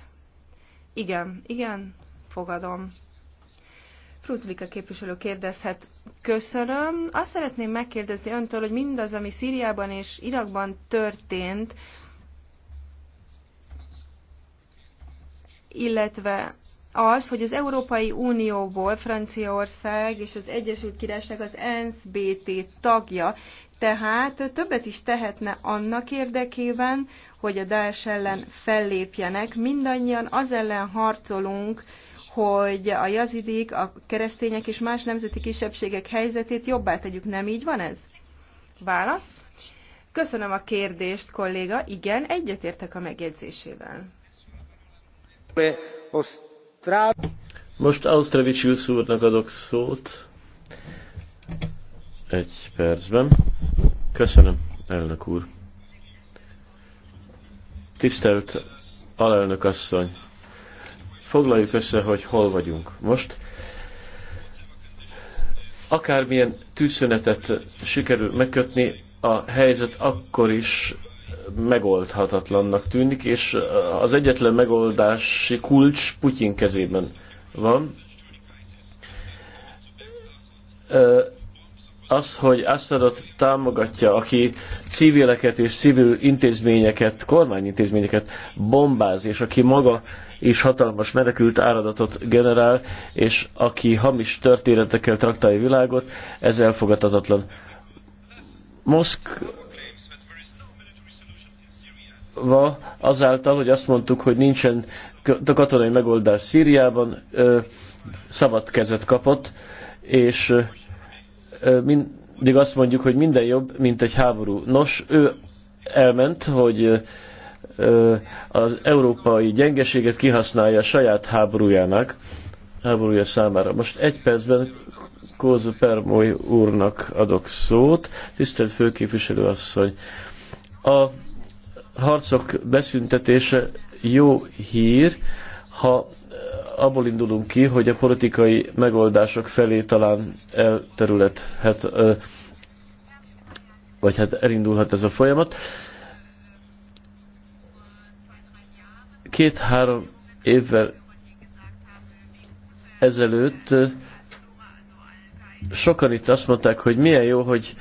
Igen, igen, fogadom. Fruzlika képviselő kérdezhet. Köszönöm. Azt szeretném megkérdezni öntől, hogy mindaz, ami Szíriában és Irakban történt, illetve az, hogy az Európai Unióból Franciaország és az Egyesült Királyság az ENSZ-BT tagja, tehát többet is tehetne annak érdekében, hogy a Daesh ellen fellépjenek. Mindannyian az ellen harcolunk, hogy a jazidik, a keresztények és más nemzeti kisebbségek helyzetét jobbá tegyük. Nem így van ez? Válasz? Köszönöm a kérdést, kolléga. Igen, egyetértek a megjegyzésével. Most Ausztravicius úrnak adok szót. Egy percben. Köszönöm, elnök úr. Tisztelt alelnök asszony, foglaljuk össze, hogy hol vagyunk most. Akármilyen tűzszünetet sikerül megkötni, a helyzet akkor is megoldhatatlannak tűnik, és az egyetlen megoldási kulcs Putyin kezében van. Az, hogy Assadot támogatja, aki civileket és civil intézményeket, kormányintézményeket bombáz, és aki maga és hatalmas menekült áradatot generál, és aki hamis történetekkel traktálja világot, ez elfogadhatatlan. Moszk va azáltal, hogy azt mondtuk, hogy nincsen katonai megoldás Szíriában, szabad kezet kapott, és mindig azt mondjuk, hogy minden jobb, mint egy háború. Nos, ő elment, hogy az európai gyengeséget kihasználja a saját háborújának, háborúja számára. Most egy percben Kózu Permoly úrnak adok szót. Tisztelt főképviselő asszony, a harcok beszüntetése jó hír, ha eh, abból indulunk ki, hogy a politikai megoldások felé talán elterülethet, eh, vagy hát elindulhat ez a folyamat. Két-három évvel ezelőtt eh, sokan itt azt mondták, hogy milyen jó, hogy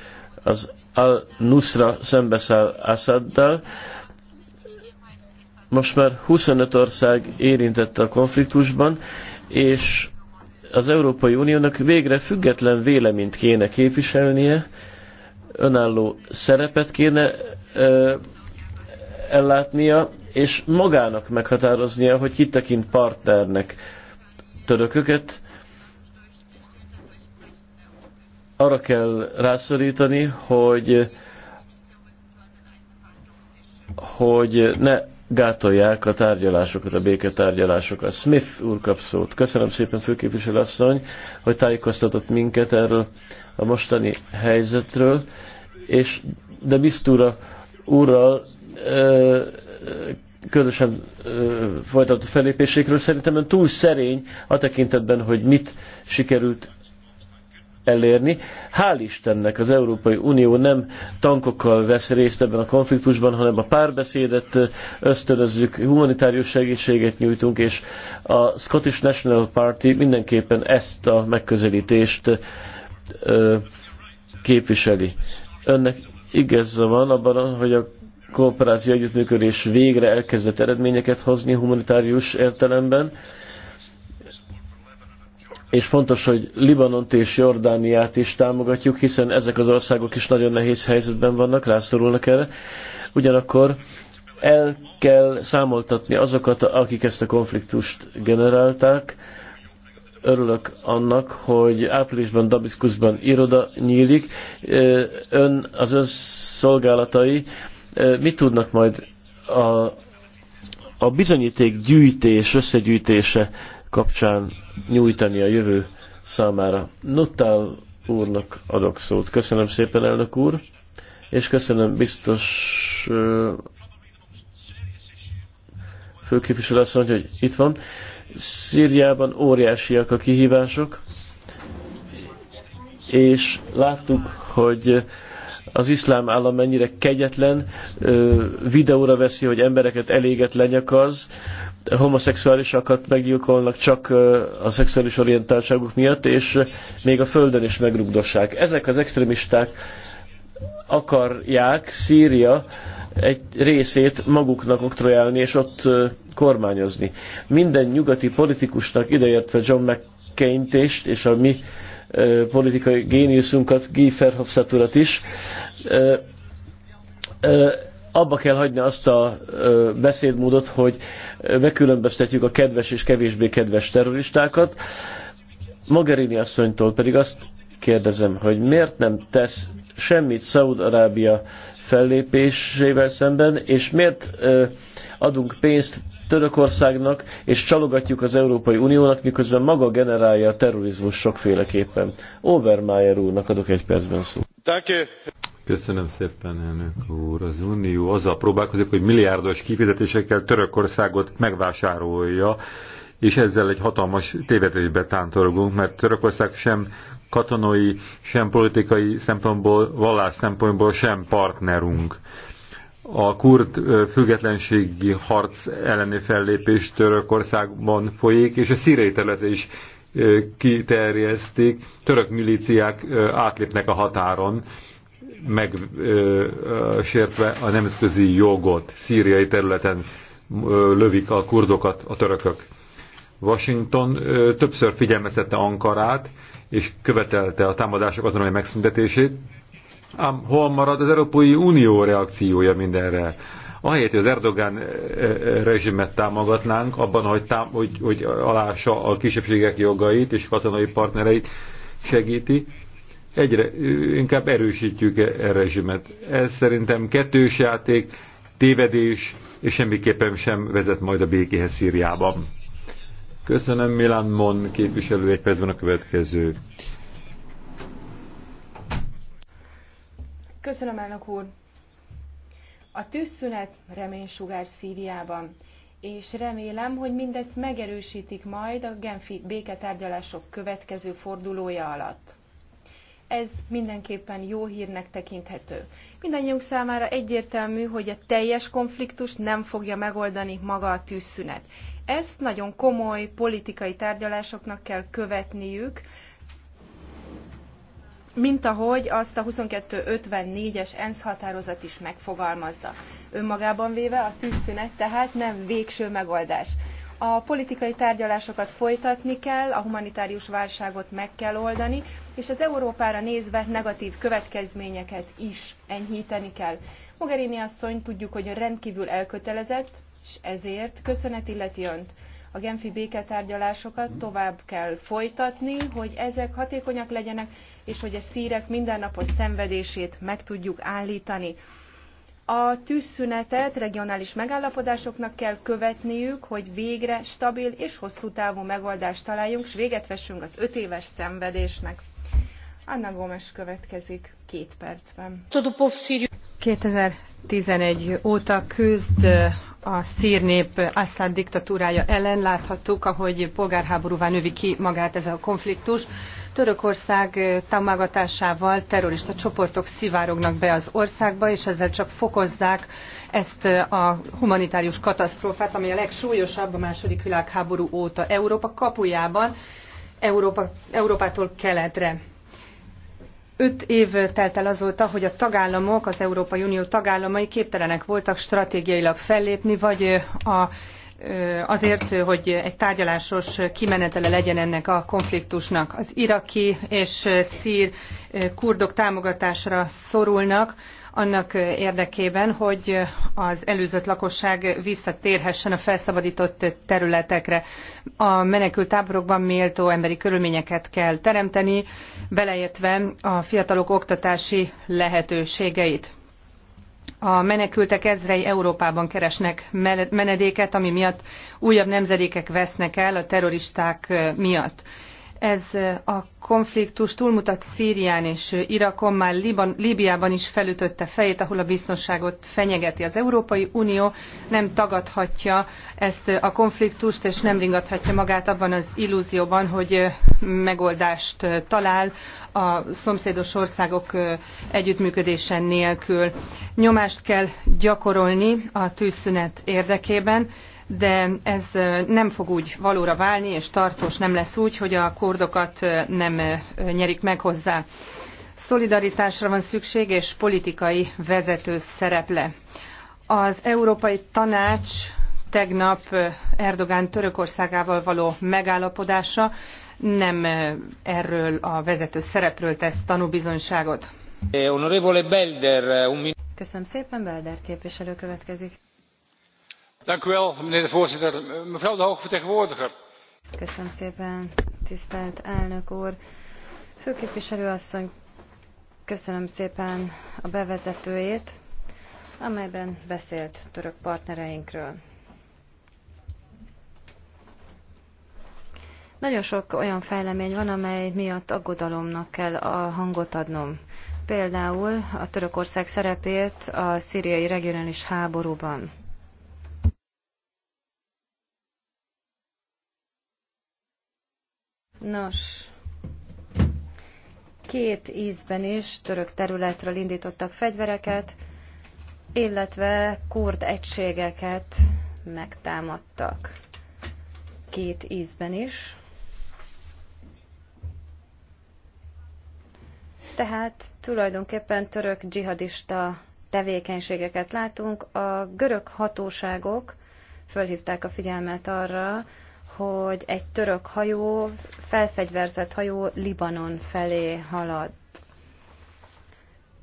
az Al-Nusra szembeszáll Assaddal, most már 25 ország érintette a konfliktusban, és az Európai Uniónak végre független véleményt kéne képviselnie, önálló szerepet kéne ö, ellátnia, és magának meghatároznia, hogy kitekint partnernek törököket. Arra kell rászorítani, hogy hogy ne gátolják a tárgyalásokat, a béketárgyalásokat. Smith úr kap szót. Köszönöm szépen, főképviselőasszony, hogy tájékoztatott minket erről a mostani helyzetről, és de biztúra úrral ö, közösen folytatott felépésékről szerintem túl szerény a tekintetben, hogy mit sikerült elérni. Hál' Istennek az Európai Unió nem tankokkal vesz részt ebben a konfliktusban, hanem a párbeszédet ösztönözzük, humanitárius segítséget nyújtunk, és a Scottish National Party mindenképpen ezt a megközelítést ö, képviseli. Önnek igaza van abban, hogy a kooperáció együttműködés végre elkezdett eredményeket hozni humanitárius értelemben, és fontos, hogy Libanont és Jordániát is támogatjuk, hiszen ezek az országok is nagyon nehéz helyzetben vannak, rászorulnak erre. Ugyanakkor el kell számoltatni azokat, akik ezt a konfliktust generálták. Örülök annak, hogy áprilisban Dabiszkuszban iroda nyílik. Ön, az ön szolgálatai mit tudnak majd a, a bizonyíték gyűjtés, összegyűjtése kapcsán nyújtani a jövő számára. Nuttál úrnak adok szót. Köszönöm szépen, elnök úr, és köszönöm biztos főképviselő asszony, hogy itt van. Szíriában óriásiak a kihívások, és láttuk, hogy az iszlám állam mennyire kegyetlen, videóra veszi, hogy embereket eléget lenyakaz, homoszexuálisakat meggyilkolnak csak a szexuális orientáltságuk miatt, és még a földön is megrugdossák. Ezek az extremisták akarják Szíria egy részét maguknak oktrojálni, és ott kormányozni. Minden nyugati politikusnak ideértve John mccain és a mi politikai géniuszunkat, Guy Verhofstadt urat is, abba kell hagyni azt a beszédmódot, hogy megkülönböztetjük a kedves és kevésbé kedves terroristákat. Mogherini asszonytól pedig azt kérdezem, hogy miért nem tesz semmit szaúd arábia fellépésével szemben, és miért adunk pénzt Törökországnak, és csalogatjuk az Európai Uniónak, miközben maga generálja a terrorizmus sokféleképpen. Obermeyer úrnak adok egy percben szót. Köszönöm szépen, elnök úr. Az Unió azzal próbálkozik, hogy milliárdos kifizetésekkel Törökországot megvásárolja, és ezzel egy hatalmas tévedésbe tántorogunk, mert Törökország sem katonai, sem politikai szempontból, vallás szempontból sem partnerünk A kurd függetlenségi harc elleni fellépés Törökországban folyik, és a szírei területe is kiterjesztik. Török milíciák átlépnek a határon, megsértve a nemzetközi jogot, szíriai területen lövik a kurdokat a törökök. Washington többször figyelmeztette Ankarát, és követelte a támadások azonnali megszüntetését, ám hol marad az Európai Unió reakciója mindenre? Ahelyett, hogy az Erdogán rezsimet támogatnánk abban, hogy, tám hogy, hogy alása a kisebbségek jogait és katonai partnereit segíti, egyre inkább erősítjük e, e rezsimet. Ez szerintem kettős játék, tévedés, és semmiképpen sem vezet majd a békéhez Szíriában. Köszönöm Milan Mon képviselő, egy percben a következő. Köszönöm, elnök úr. A tűzszünet reménysugár Szíriában, és remélem, hogy mindezt megerősítik majd a Genfi béketárgyalások következő fordulója alatt ez mindenképpen jó hírnek tekinthető. Mindannyiunk számára egyértelmű, hogy a teljes konfliktus nem fogja megoldani maga a tűzszünet. Ezt nagyon komoly politikai tárgyalásoknak kell követniük, mint ahogy azt a 2254-es ENSZ határozat is megfogalmazza. Önmagában véve a tűzszünet tehát nem végső megoldás. A politikai tárgyalásokat folytatni kell, a humanitárius válságot meg kell oldani, és az Európára nézve negatív következményeket is enyhíteni kell. Mogherini asszony tudjuk, hogy rendkívül elkötelezett, és ezért köszönet illeti önt. A Genfi béketárgyalásokat tovább kell folytatni, hogy ezek hatékonyak legyenek, és hogy a szírek mindennapos szenvedését meg tudjuk állítani. A tűzszünetet regionális megállapodásoknak kell követniük, hogy végre stabil és hosszú távú megoldást találjunk, és véget vessünk az öt éves szenvedésnek. Anna Gomes következik két percben. 2011 óta küzd a szír nép Assad diktatúrája ellen láthattuk, ahogy polgárháborúvá növi ki magát ez a konfliktus. Törökország támogatásával terrorista csoportok szivárognak be az országba, és ezzel csak fokozzák ezt a humanitárius katasztrófát, ami a legsúlyosabb a második világháború óta Európa kapujában, Európa, Európától keletre Öt év telt el azóta, hogy a tagállamok, az Európai Unió tagállamai képtelenek voltak stratégiailag fellépni, vagy a azért, hogy egy tárgyalásos kimenetele legyen ennek a konfliktusnak. Az iraki és szír kurdok támogatásra szorulnak, annak érdekében, hogy az elűzött lakosság visszatérhessen a felszabadított területekre. A menekülttáborokban méltó emberi körülményeket kell teremteni, beleértve a fiatalok oktatási lehetőségeit. A menekültek ezrei Európában keresnek menedéket, ami miatt újabb nemzedékek vesznek el a terroristák miatt ez a konfliktus túlmutat Szírián és Irakon, már Liban, Líbiában is felütötte fejét, ahol a biztonságot fenyegeti. Az Európai Unió nem tagadhatja ezt a konfliktust, és nem ringathatja magát abban az illúzióban, hogy megoldást talál a szomszédos országok együttműködése nélkül. Nyomást kell gyakorolni a tűzszünet érdekében, de ez nem fog úgy valóra válni, és tartós nem lesz úgy, hogy a kurdokat nem nyerik meg hozzá. Szolidaritásra van szükség, és politikai vezető szereple. Az Európai Tanács tegnap Erdogán Törökországával való megállapodása nem erről a vezető szerepről tesz tanúbizonyságot. Eh, Köszönöm szépen, Belder képviselő következik mevrouw de hoge vertegenwoordiger köszönöm szépen tisztelt elnök úr főképviselő asszony köszönöm szépen a bevezetőjét amelyben beszélt török partnereinkről. Nagyon sok olyan fejlemény van, amely miatt aggodalomnak kell a hangot adnom. Például a Törökország szerepét a szíriai regionális háborúban. Nos, két ízben is török területről indítottak fegyvereket, illetve kurd egységeket megtámadtak. Két ízben is. Tehát tulajdonképpen török dzsihadista tevékenységeket látunk. A görög hatóságok fölhívták a figyelmet arra, hogy egy török hajó, felfegyverzett hajó Libanon felé halad.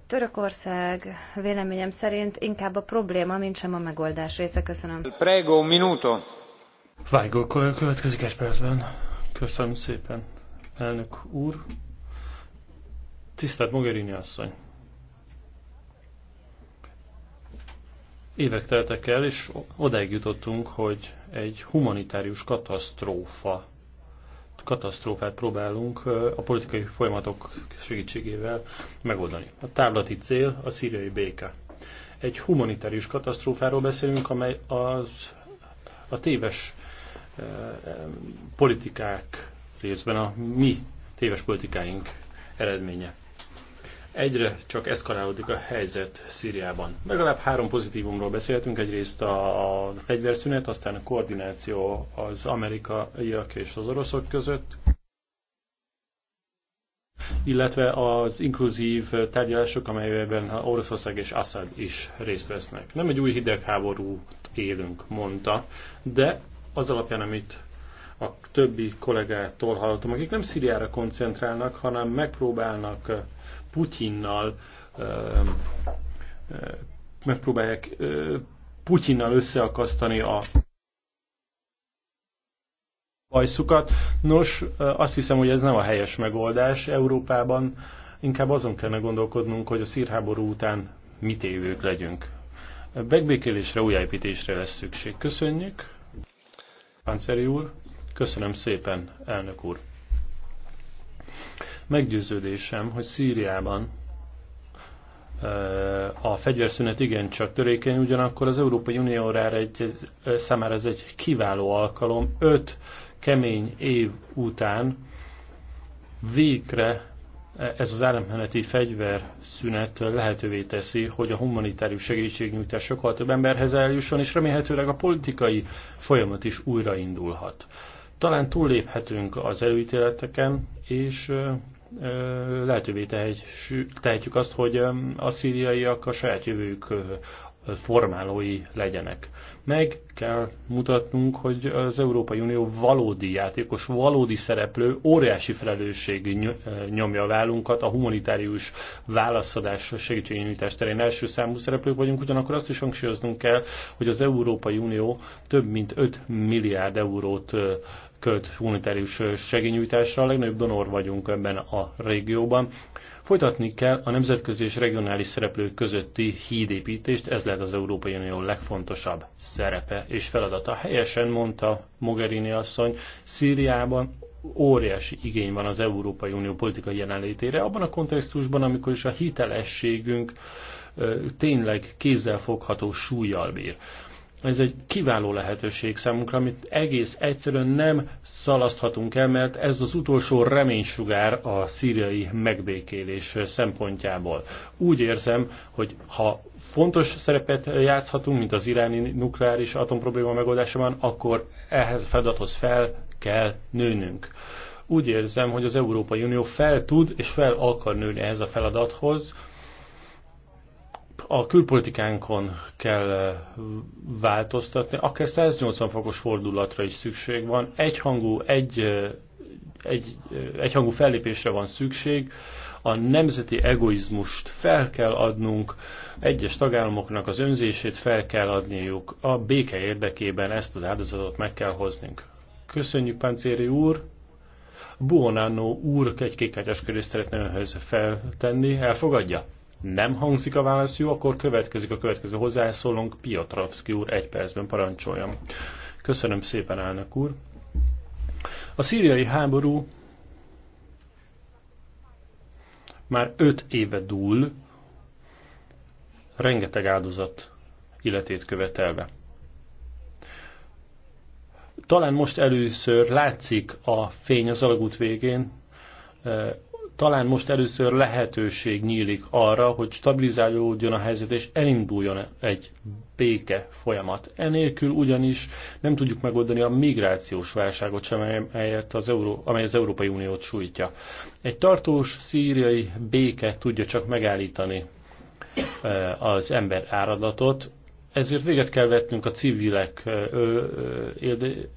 Törökország véleményem szerint inkább a probléma, mint sem a megoldás része. Köszönöm. Prego, minuto. Vágó kollega következik egy percben. Köszönöm szépen, elnök úr. Tisztelt Mogherini asszony! Évek teltek el, és odáig jutottunk, hogy egy humanitárius katasztrófa katasztrófát próbálunk a politikai folyamatok segítségével megoldani. A táblati cél a szíriai béke. Egy humanitárius katasztrófáról beszélünk, amely az a téves politikák részben a mi téves politikáink eredménye. Egyre csak eszkalálódik a helyzet Szíriában. Legalább három pozitívumról beszéltünk, egyrészt a, a fegyverszünet, aztán a koordináció az amerikaiak és az oroszok között, illetve az inkluzív tárgyalások, amelyben Oroszország és Assad is részt vesznek. Nem egy új hidegháborút élünk, mondta, de az alapján, amit a többi kollégától hallottam, akik nem Szíriára koncentrálnak, hanem megpróbálnak Putyinnal megpróbálják Putyinnal összeakasztani a bajszukat. Nos, azt hiszem, hogy ez nem a helyes megoldás Európában. Inkább azon kellene gondolkodnunk, hogy a szírháború után mit évők legyünk. Megbékélésre, újjáépítésre lesz szükség. Köszönjük. Pánceri úr, köszönöm szépen, elnök úr. Meggyőződésem, hogy Szíriában a fegyverszünet igencsak törékeny, ugyanakkor az Európai Unió egy, számára ez egy kiváló alkalom. Öt kemény év után végre ez az árammeneti fegyverszünet lehetővé teszi, hogy a humanitárius segítségnyújtás sokkal több emberhez eljusson, és remélhetőleg a politikai folyamat is újraindulhat. Talán túlléphetünk az előítéleteken, és lehetővé tehetjük azt, hogy a szíriaiak a saját jövőjük formálói legyenek. Meg kell mutatnunk, hogy az Európai Unió valódi játékos, valódi szereplő, óriási felelősség nyomja válunkat a humanitárius válaszadás segítségnyújtás terén első számú szereplők vagyunk, ugyanakkor azt is hangsúlyoznunk kell, hogy az Európai Unió több mint 5 milliárd eurót költ humanitárius segélynyújtásra, a legnagyobb donor vagyunk ebben a régióban. Folytatni kell a nemzetközi és regionális szereplők közötti hídépítést, ez lehet az Európai Unió legfontosabb szerepe és feladata. Helyesen mondta Mogherini asszony, Szíriában óriási igény van az Európai Unió politikai jelenlétére, abban a kontextusban, amikor is a hitelességünk tényleg kézzelfogható súlyjal bír. Ez egy kiváló lehetőség számunkra, amit egész egyszerűen nem szalaszthatunk el, mert ez az utolsó reménysugár a szíriai megbékélés szempontjából. Úgy érzem, hogy ha fontos szerepet játszhatunk, mint az iráni nukleáris atomprobléma megoldásában, akkor ehhez a feladathoz fel kell nőnünk. Úgy érzem, hogy az Európai Unió fel tud és fel akar nőni ehhez a feladathoz. A külpolitikánkon kell eh, változtatni, akár 180 fokos fordulatra is szükség van. Egyhangú, egy, eh, egy, eh, egyhangú fellépésre van szükség a nemzeti egoizmust fel kell adnunk, egyes tagállamoknak az önzését fel kell adniuk, a béke érdekében ezt az áldozatot meg kell hoznunk. Köszönjük, Páncéri úr! Buonanno úr egy kékkártyás körül szeretne önhöz feltenni, elfogadja? Nem hangzik a válasz jó, akkor következik a következő hozzászólónk, Piotrowski úr, egy percben parancsoljam. Köszönöm szépen, elnök úr! A szíriai háború már öt éve dúl, rengeteg áldozat illetét követelve. Talán most először látszik a fény az alagút végén, talán most először lehetőség nyílik arra, hogy stabilizálódjon a helyzet és elinduljon egy béke folyamat. Enélkül ugyanis nem tudjuk megoldani a migrációs válságot sem, amelyet az Euró, amely az Európai Uniót sújtja. Egy tartós szíriai béke tudja csak megállítani eh, az ember áradatot, ezért véget kell vetnünk a civilek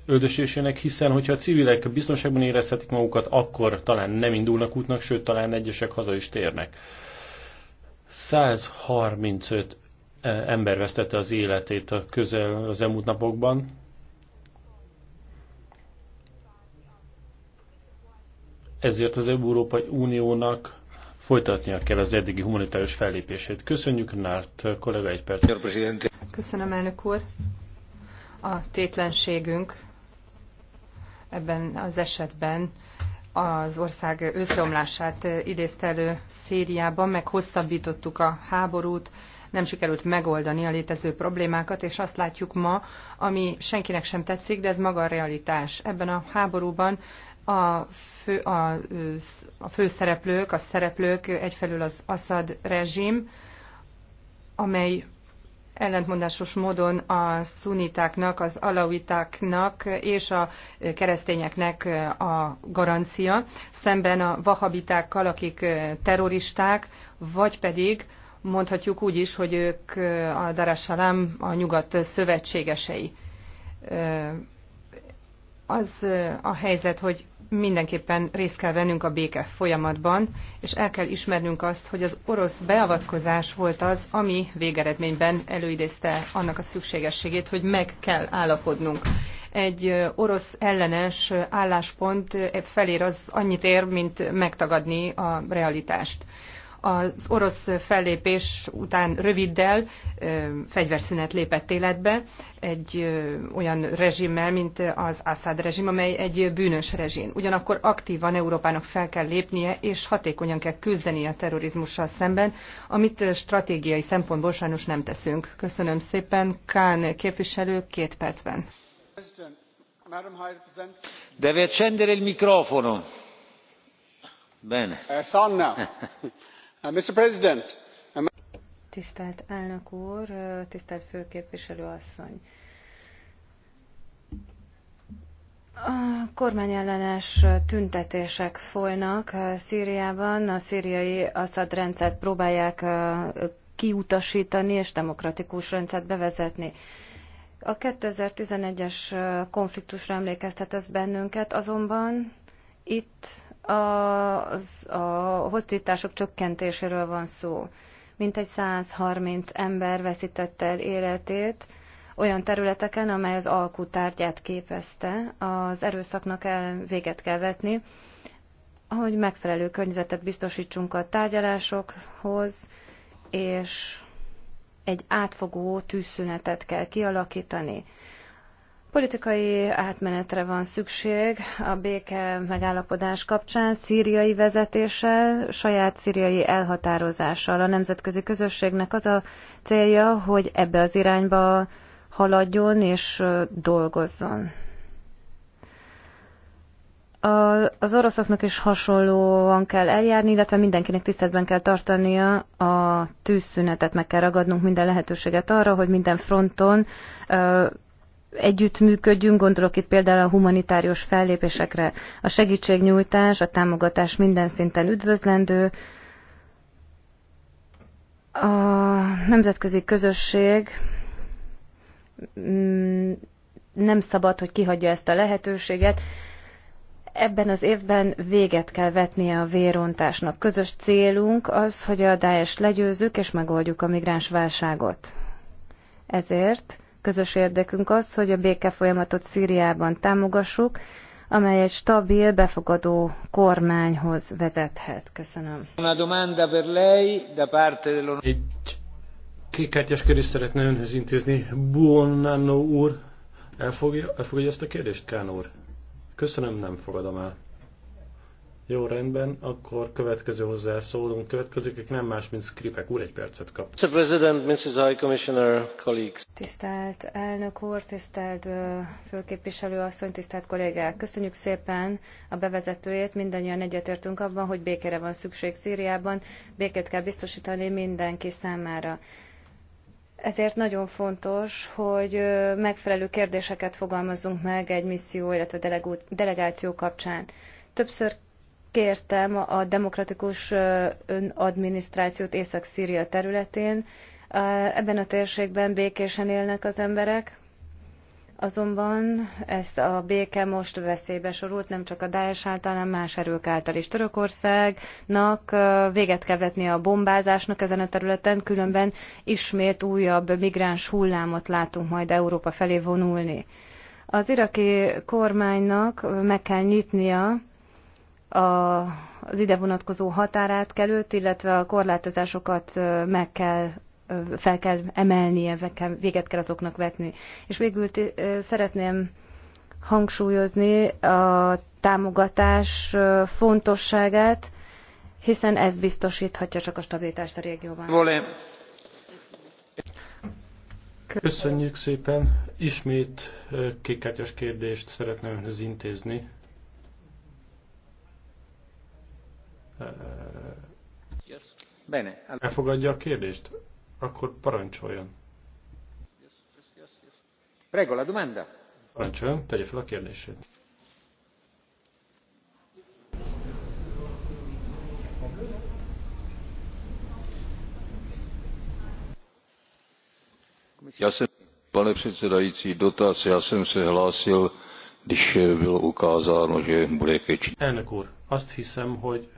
öldösésének, hiszen hogyha a civilek biztonságban érezhetik magukat, akkor talán nem indulnak útnak, sőt talán egyesek haza is térnek. 135 ember vesztette az életét a közel az elmúlt napokban. Ezért az Európai Uniónak folytatnia kell az eddigi humanitárius fellépését. Köszönjük, Nárt kollega, egy perc. Köszönöm, elnök úr. A tétlenségünk ebben az esetben az ország összeomlását idézte elő Szériában, meg hosszabbítottuk a háborút, nem sikerült megoldani a létező problémákat, és azt látjuk ma, ami senkinek sem tetszik, de ez maga a realitás. Ebben a háborúban a, fő, a, a főszereplők, a szereplők egyfelől az Assad rezsim, amely ellentmondásos módon a szunitáknak, az alauitáknak és a keresztényeknek a garancia, szemben a vahabitákkal, akik terroristák, vagy pedig mondhatjuk úgy is, hogy ők a Darásalám a nyugat szövetségesei az a helyzet, hogy mindenképpen részt kell vennünk a béke folyamatban, és el kell ismernünk azt, hogy az orosz beavatkozás volt az, ami végeredményben előidézte annak a szükségességét, hogy meg kell állapodnunk. Egy orosz ellenes álláspont felér az annyit ér, mint megtagadni a realitást az orosz fellépés után röviddel fegyverszünet lépett életbe egy olyan rezsimmel, mint az Assad rezsim, amely egy bűnös rezsim. Ugyanakkor aktívan Európának fel kell lépnie, és hatékonyan kell küzdeni a terrorizmussal szemben, amit stratégiai szempontból sajnos nem teszünk. Köszönöm szépen. Kán képviselő, két percben. Deve accendere il microfono. Bene. Eh, [laughs] Uh, tisztelt elnök úr uh, tisztelt főképviselő asszony! A kormányellenes tüntetések folynak uh, Szíriában. A szíriai Assad rendszert próbálják kiutasítani és demokratikus rendszert bevezetni. A 2011-es konfliktusra emlékeztet ez bennünket, azonban itt az, a hosszítások csökkentéséről van szó. Mintegy 130 ember veszítette el életét olyan területeken, amely az alkutárgyát képezte. Az erőszaknak el véget kell vetni, hogy megfelelő környezetet biztosítsunk a tárgyalásokhoz, és egy átfogó tűzszünetet kell kialakítani. Politikai átmenetre van szükség a béke megállapodás kapcsán, szíriai vezetéssel, saját szíriai elhatározással. A nemzetközi közösségnek az a célja, hogy ebbe az irányba haladjon és dolgozzon. A, az oroszoknak is hasonlóan kell eljárni, illetve mindenkinek tiszteletben kell tartania a tűzszünetet, meg kell ragadnunk minden lehetőséget arra, hogy minden fronton ö, együttműködjünk, gondolok itt például a humanitárius fellépésekre. A segítségnyújtás, a támogatás minden szinten üdvözlendő. A nemzetközi közösség mm, nem szabad, hogy kihagyja ezt a lehetőséget. Ebben az évben véget kell vetnie a vérontásnak. Közös célunk az, hogy a Daesh legyőzzük és megoldjuk a migráns válságot. Ezért Közös érdekünk az, hogy a béke folyamatot Szíriában támogassuk, amely egy stabil, befogadó kormányhoz vezethet. Köszönöm. Una domanda per lei da parte dello... Egy kékkártyás kérdést szeretne önhöz intézni. Buonnanno úr, elfogja, elfogadja ezt a kérdést, Kán úr? Köszönöm, nem fogadom el. Jó, rendben, akkor következő hozzászólunk. Következik, akik nem más, mint Skripek úr, egy percet kap. Mr. President, Mrs. High Commissioner, colleagues. Tisztelt elnök úr, tisztelt főképviselő asszony, tisztelt kollégák, köszönjük szépen a bevezetőjét. Mindannyian egyetértünk abban, hogy békére van szükség Szíriában, békét kell biztosítani mindenki számára. Ezért nagyon fontos, hogy megfelelő kérdéseket fogalmazunk meg egy misszió, illetve delegáció kapcsán. Többször kértem a demokratikus önadminisztrációt Észak-Szíria területén. Ebben a térségben békésen élnek az emberek, azonban ez a béke most veszélybe sorult, nem csak a Daesh által, hanem más erők által is. Törökországnak véget kell vetni a bombázásnak ezen a területen, különben ismét újabb migráns hullámot látunk majd Európa felé vonulni. Az iraki kormánynak meg kell nyitnia a, az ide vonatkozó határátkelőt, illetve a korlátozásokat meg kell fel kell emelni, véget kell azoknak vetni. És végül szeretném hangsúlyozni a támogatás fontosságát, hiszen ez biztosíthatja csak a stabilitást a régióban. Volé. Köszönjük szépen. Ismét kékkártyás kérdést szeretném önhöz intézni. elfogadja a kérdést? Akkor parancsoljon. Prego, la domanda. Parancsoljon, tegye fel a kérdését. Já jsem, pane předsedající, dotaz. Já jsem se hlásil, když bylo ukázáno, že bude keč. Elnök úr, azt hiszem, hogy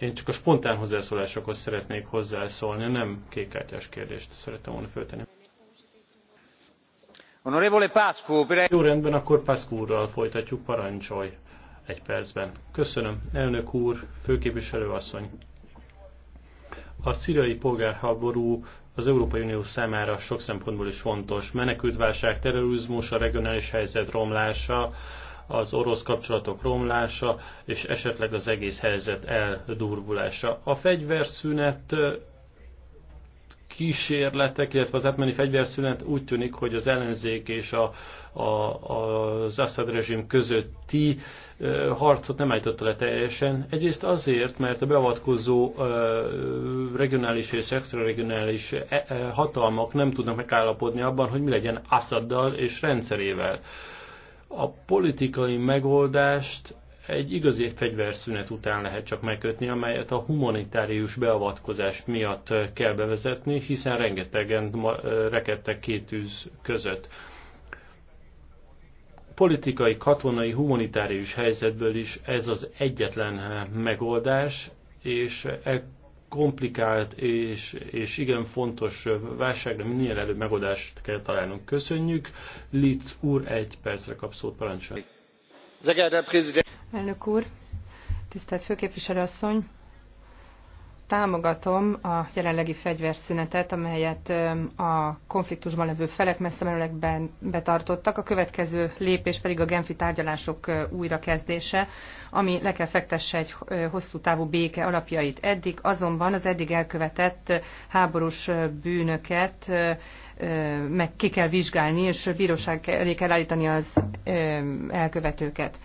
Én csak a spontán hozzászólásokhoz szeretnék hozzászólni, nem kékkártyás kérdést szerettem volna föltenni. Honorevole Jó rendben, akkor Pászkó úrral folytatjuk, parancsolj egy percben. Köszönöm, elnök úr, főképviselő asszony. A szíriai polgárháború az Európai Unió számára sok szempontból is fontos. Menekültválság, terrorizmus, a regionális helyzet romlása, az orosz kapcsolatok romlása és esetleg az egész helyzet eldurvulása. A fegyverszünet kísérletek, illetve az átmeni fegyverszünet úgy tűnik, hogy az ellenzék és a, a, az Assad rezsim közötti e, harcot nem állította le teljesen. Egyrészt azért, mert a beavatkozó e, regionális és extraregionális e, e, hatalmak nem tudnak megállapodni abban, hogy mi legyen Assaddal és rendszerével. A politikai megoldást egy igazi fegyverszünet után lehet csak megkötni, amelyet a humanitárius beavatkozás miatt kell bevezetni, hiszen rengetegen rekedtek két tűz között. Politikai, katonai, humanitárius helyzetből is ez az egyetlen megoldás, és e- komplikált és, és igen fontos válságra minél előbb megoldást kell találnunk. Köszönjük. Litz úr, egy percre kap szót, parancsolj. Elnök úr, tisztelt főképviselő asszony, támogatom a jelenlegi fegyverszünetet, amelyet a konfliktusban levő felek messze menőlegben betartottak. A következő lépés pedig a Genfi tárgyalások újrakezdése, ami le kell fektesse egy hosszú távú béke alapjait. Eddig azonban az eddig elkövetett háborús bűnöket meg ki kell vizsgálni, és bíróság elé kell állítani az elkövetőket.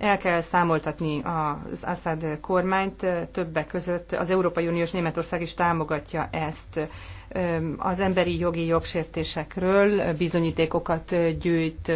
El kell számoltatni az Assad kormányt, többek között az Európai Uniós Németország is támogatja ezt. Az emberi jogi jogsértésekről bizonyítékokat gyűjt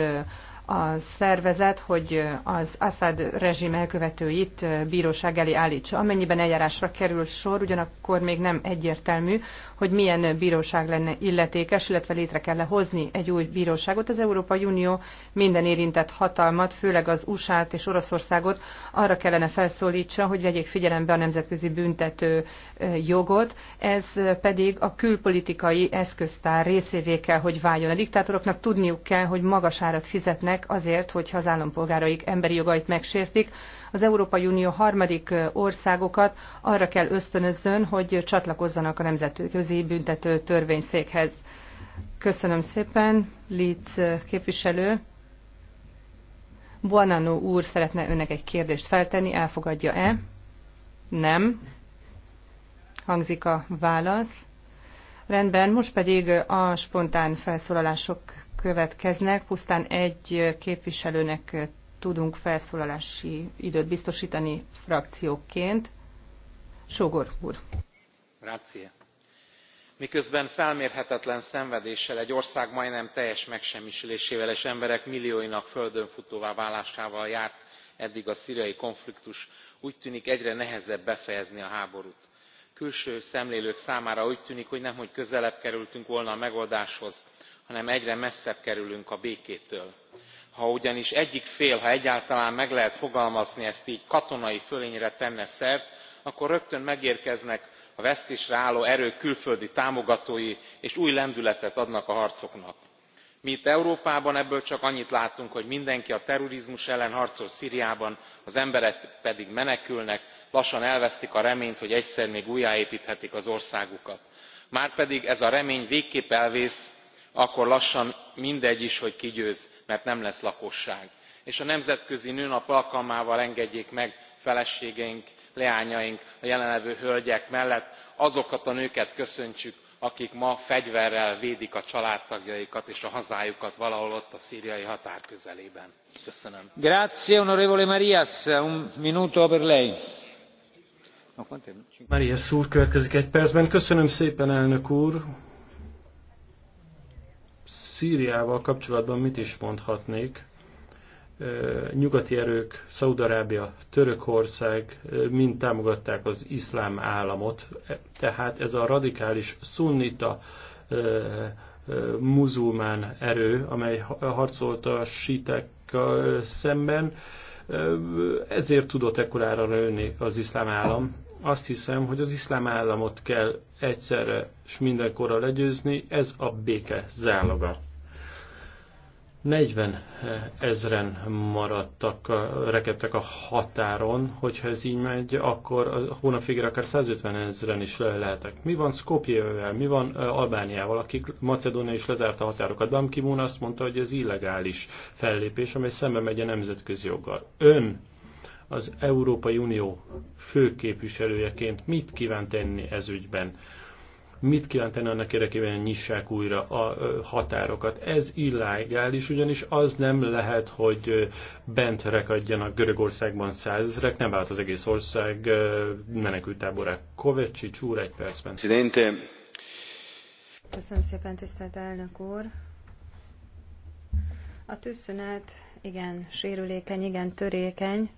a szervezet, hogy az Assad rezsim elkövetőit bíróság elé állítsa. Amennyiben eljárásra kerül sor, ugyanakkor még nem egyértelmű, hogy milyen bíróság lenne illetékes, illetve létre kell hozni egy új bíróságot. Az Európai Unió minden érintett hatalmat, főleg az USA-t és Oroszországot arra kellene felszólítsa, hogy vegyék figyelembe a nemzetközi büntető jogot, ez pedig a külpolitikai eszköztár részévé kell, hogy váljon. A diktátoroknak tudniuk kell, hogy magas árat fizetnek, megtettek azért, hogyha az állampolgáraik emberi jogait megsértik. Az Európai Unió harmadik országokat arra kell ösztönözzön, hogy csatlakozzanak a Nemzetközi Büntető Törvényszékhez. Köszönöm szépen, Litz képviselő. Buonanno úr szeretne önnek egy kérdést feltenni, elfogadja-e? Nem. Hangzik a válasz. Rendben, most pedig a spontán felszólalások következnek. Pusztán egy képviselőnek tudunk felszólalási időt biztosítani frakcióként. Sogor úr. Grazie. Miközben felmérhetetlen szenvedéssel egy ország majdnem teljes megsemmisülésével és emberek millióinak földön futóvá válásával járt eddig a szíriai konfliktus, úgy tűnik egyre nehezebb befejezni a háborút. Külső szemlélők számára úgy tűnik, hogy nemhogy közelebb kerültünk volna a megoldáshoz, hanem egyre messzebb kerülünk a békétől. ha ugyanis egyik fél ha egyáltalán meg lehet fogalmazni ezt gy katonai fölényre tenne szert akkor rögtön megérkeznek a vesztésre álló erők külföldi támogatói és új lendületet adnak a harcoknak. mi itt európában ebből csak annyit látunk hogy mindenki a terrorizmus ellen harcol szriában az emberek pedig menekülnek lassan elvesztik a reményt hogy egyszer még újjáépthetik az országukat. márpedig ez a remény végképp elvész akkor lassan mindegy is hogy ki győz mert nem lesz lakosság és a nemzetközi nőnap alkalmával engedjék meg feleségeink leányaink a jelenlevő hölgyek mellett azokat a nőket köszöntsük akik ma fegyverrel védik a családtagjaikat és a hazájukat valahol ott a szriai határ közelében. köszönöm. marias úr következik egy percben. köszönöm szépen elnök úr! Szíriával kapcsolatban mit is mondhatnék? Nyugati erők, Szaudarábia, Törökország mind támogatták az iszlám államot, e, tehát ez a radikális szunnita muzulmán erő, amely harcolt a sítekkal szemben, ezért tudott ekkorára nőni az iszlám állam. Azt hiszem, hogy az iszlám államot kell egyszerre és mindenkorra legyőzni, ez a béke záloga. 40 eh, ezren maradtak, eh, rekedtek a határon, hogyha ez így megy, akkor a hónap végére akár 150 ezren is lehetek. Mi van Skopjevel, mi van eh, Albániával, akik Macedónia is lezárta a határokat? Bam ki azt mondta, hogy ez illegális fellépés, amely szembe megy a nemzetközi joggal. Ön az Európai Unió főképviselőjeként mit kíván tenni ez ügyben? mit kíván tenni annak érdekében, hogy nyissák újra a határokat. Ez illegális, ugyanis az nem lehet, hogy bent rekadjanak Görögországban százezrek, nem vált az egész ország menekültáborák. Kovecsics úr, egy percben. Köszönöm szépen, tisztelt elnök úr. A tűzszünet igen sérülékeny, igen törékeny,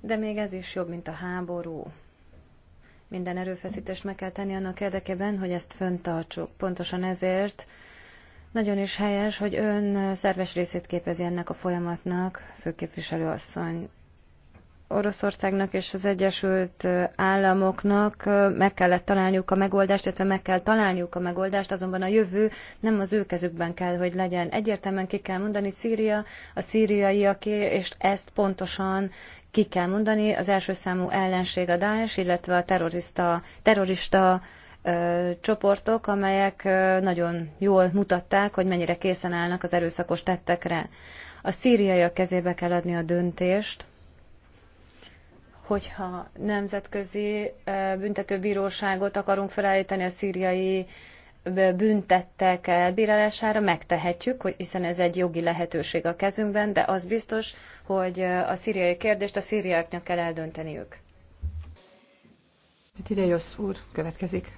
de még ez is jobb, mint a háború minden erőfeszítést meg kell tenni annak érdekében, hogy ezt föntartsuk. Pontosan ezért nagyon is helyes, hogy ön szerves részét képezi ennek a folyamatnak, főképviselő asszony. Oroszországnak és az Egyesült Államoknak meg kellett találniuk a megoldást, illetve meg kell találniuk a megoldást, azonban a jövő nem az ő kezükben kell, hogy legyen. Egyértelműen ki kell mondani, Szíria, a szíriaiaké, és ezt pontosan ki kell mondani, az első számú ellenség a Daesh, illetve a terrorista, terrorista ö, csoportok, amelyek ö, nagyon jól mutatták, hogy mennyire készen állnak az erőszakos tettekre. A szíriaiak kezébe kell adni a döntést, hogyha nemzetközi büntetőbíróságot akarunk felállítani a szíriai büntettek elbírálására megtehetjük, hogy hiszen ez egy jogi lehetőség a kezünkben, de az biztos, hogy a szíriai kérdést a szíriáknak kell eldönteniük. Itt hát ide Jossz úr következik.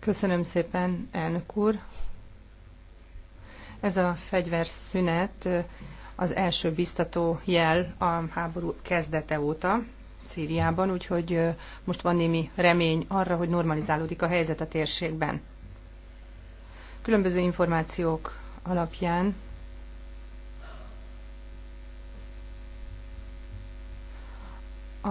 Köszönöm szépen, elnök úr. Ez a fegyverszünet az első biztató jel a háború kezdete óta, Szíriában, úgyhogy most van némi remény arra, hogy normalizálódik a helyzet a térségben. Különböző információk alapján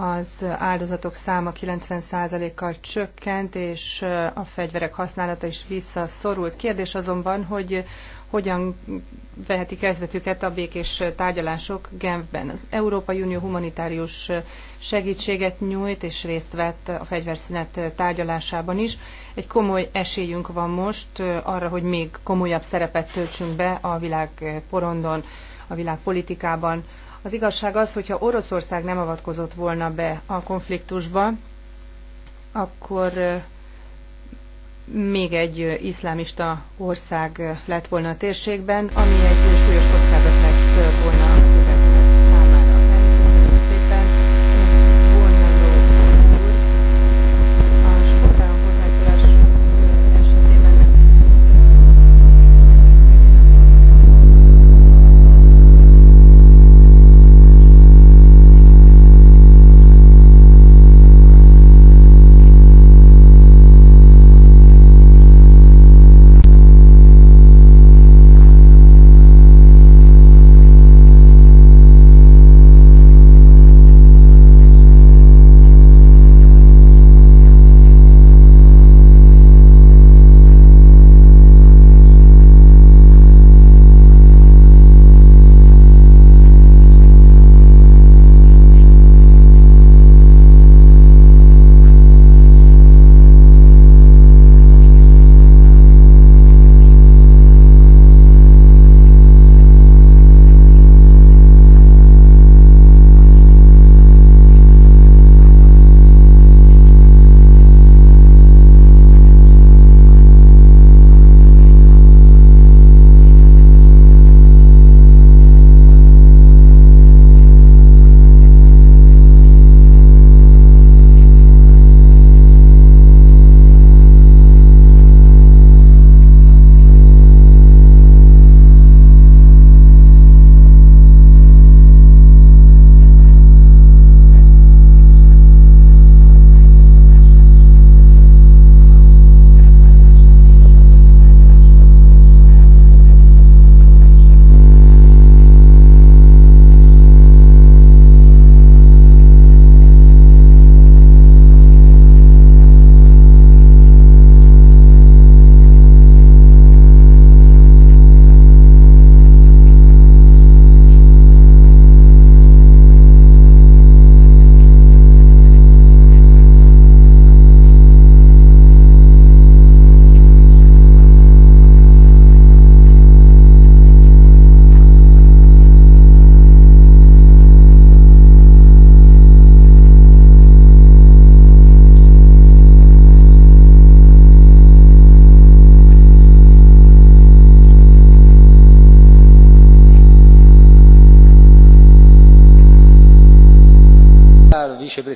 az áldozatok száma 90%-kal csökkent, és a fegyverek használata is visszaszorult. Kérdés azonban, hogy hogyan veheti kezdetüket a békés tárgyalások Genfben. Az Európai Unió humanitárius segítséget nyújt, és részt vett a fegyverszünet tárgyalásában is. Egy komoly esélyünk van most arra, hogy még komolyabb szerepet töltsünk be a világ porondon, a világ politikában az igazság az, hogyha Oroszország nem avatkozott volna be a konfliktusba, akkor még egy iszlámista ország lett volna a térségben, ami egy súlyos kockázat lett volna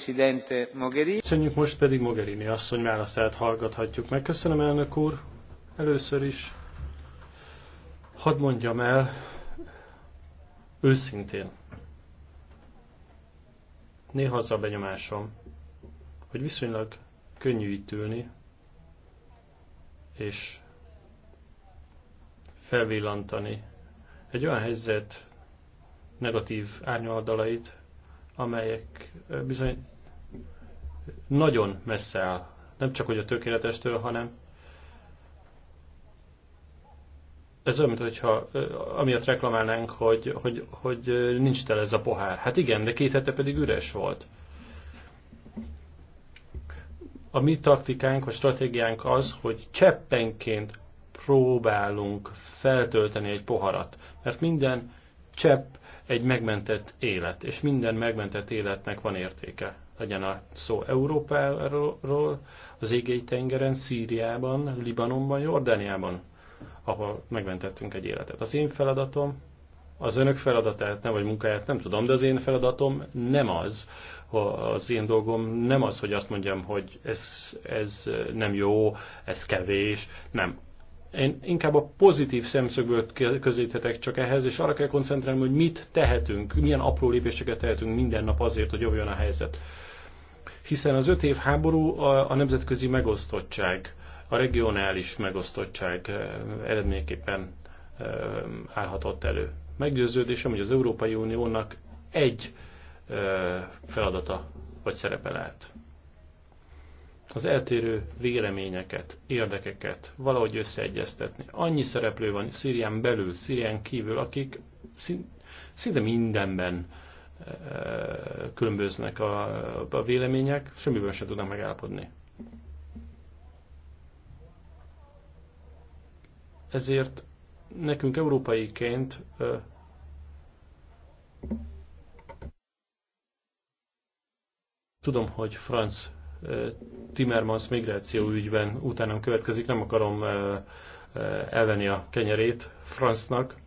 Presidente Mogherini. Köszönjük most pedig Mogherini asszony válaszát hallgathatjuk meg. Köszönöm elnök úr. Először is hadd mondjam el őszintén. Néha az a benyomásom, hogy viszonylag könnyű itt ülni, és felvillantani egy olyan helyzet negatív árnyoldalait, amelyek eh, bizony nagyon messze áll. Nem csak hogy a tökéletestől, hanem ez olyan, mintha amiatt reklamálnánk, hogy, hogy, hogy nincs tele ez a pohár. Hát igen, de két hete pedig üres volt. A mi taktikánk, a stratégiánk az, hogy cseppenként próbálunk feltölteni egy poharat. Mert minden csepp egy megmentett élet, és minden megmentett életnek van értéke legyen a szó Európáról, az égei tengeren, Szíriában, Libanonban, Jordániában, ahol megmentettünk egy életet. Az én feladatom, az önök feladatát, nem vagy munkáját nem tudom, de az én feladatom nem az, az én dolgom nem az, hogy azt mondjam, hogy ez, ez nem jó, ez kevés, nem. Én inkább a pozitív szemszögből közelíthetek csak ehhez, és arra kell koncentrálni, hogy mit tehetünk, milyen apró lépéseket tehetünk minden nap azért, hogy jön a helyzet hiszen az öt év háború a, a nemzetközi megosztottság, a regionális megosztottság eredményeképpen állhatott elő. Meggyőződésem, hogy az Európai Uniónak egy feladata vagy szerepe lehet. Az eltérő véleményeket, érdekeket valahogy összeegyeztetni. Annyi szereplő van Szírián belül, Szírián kívül, akik szinte mindenben különböznek a, a vélemények, semmiben sem tudnak megállapodni. Ezért nekünk európaiként tudom, hogy Franz Timmermans migráció ügyben utánam következik, nem akarom elvenni a kenyerét Franznak,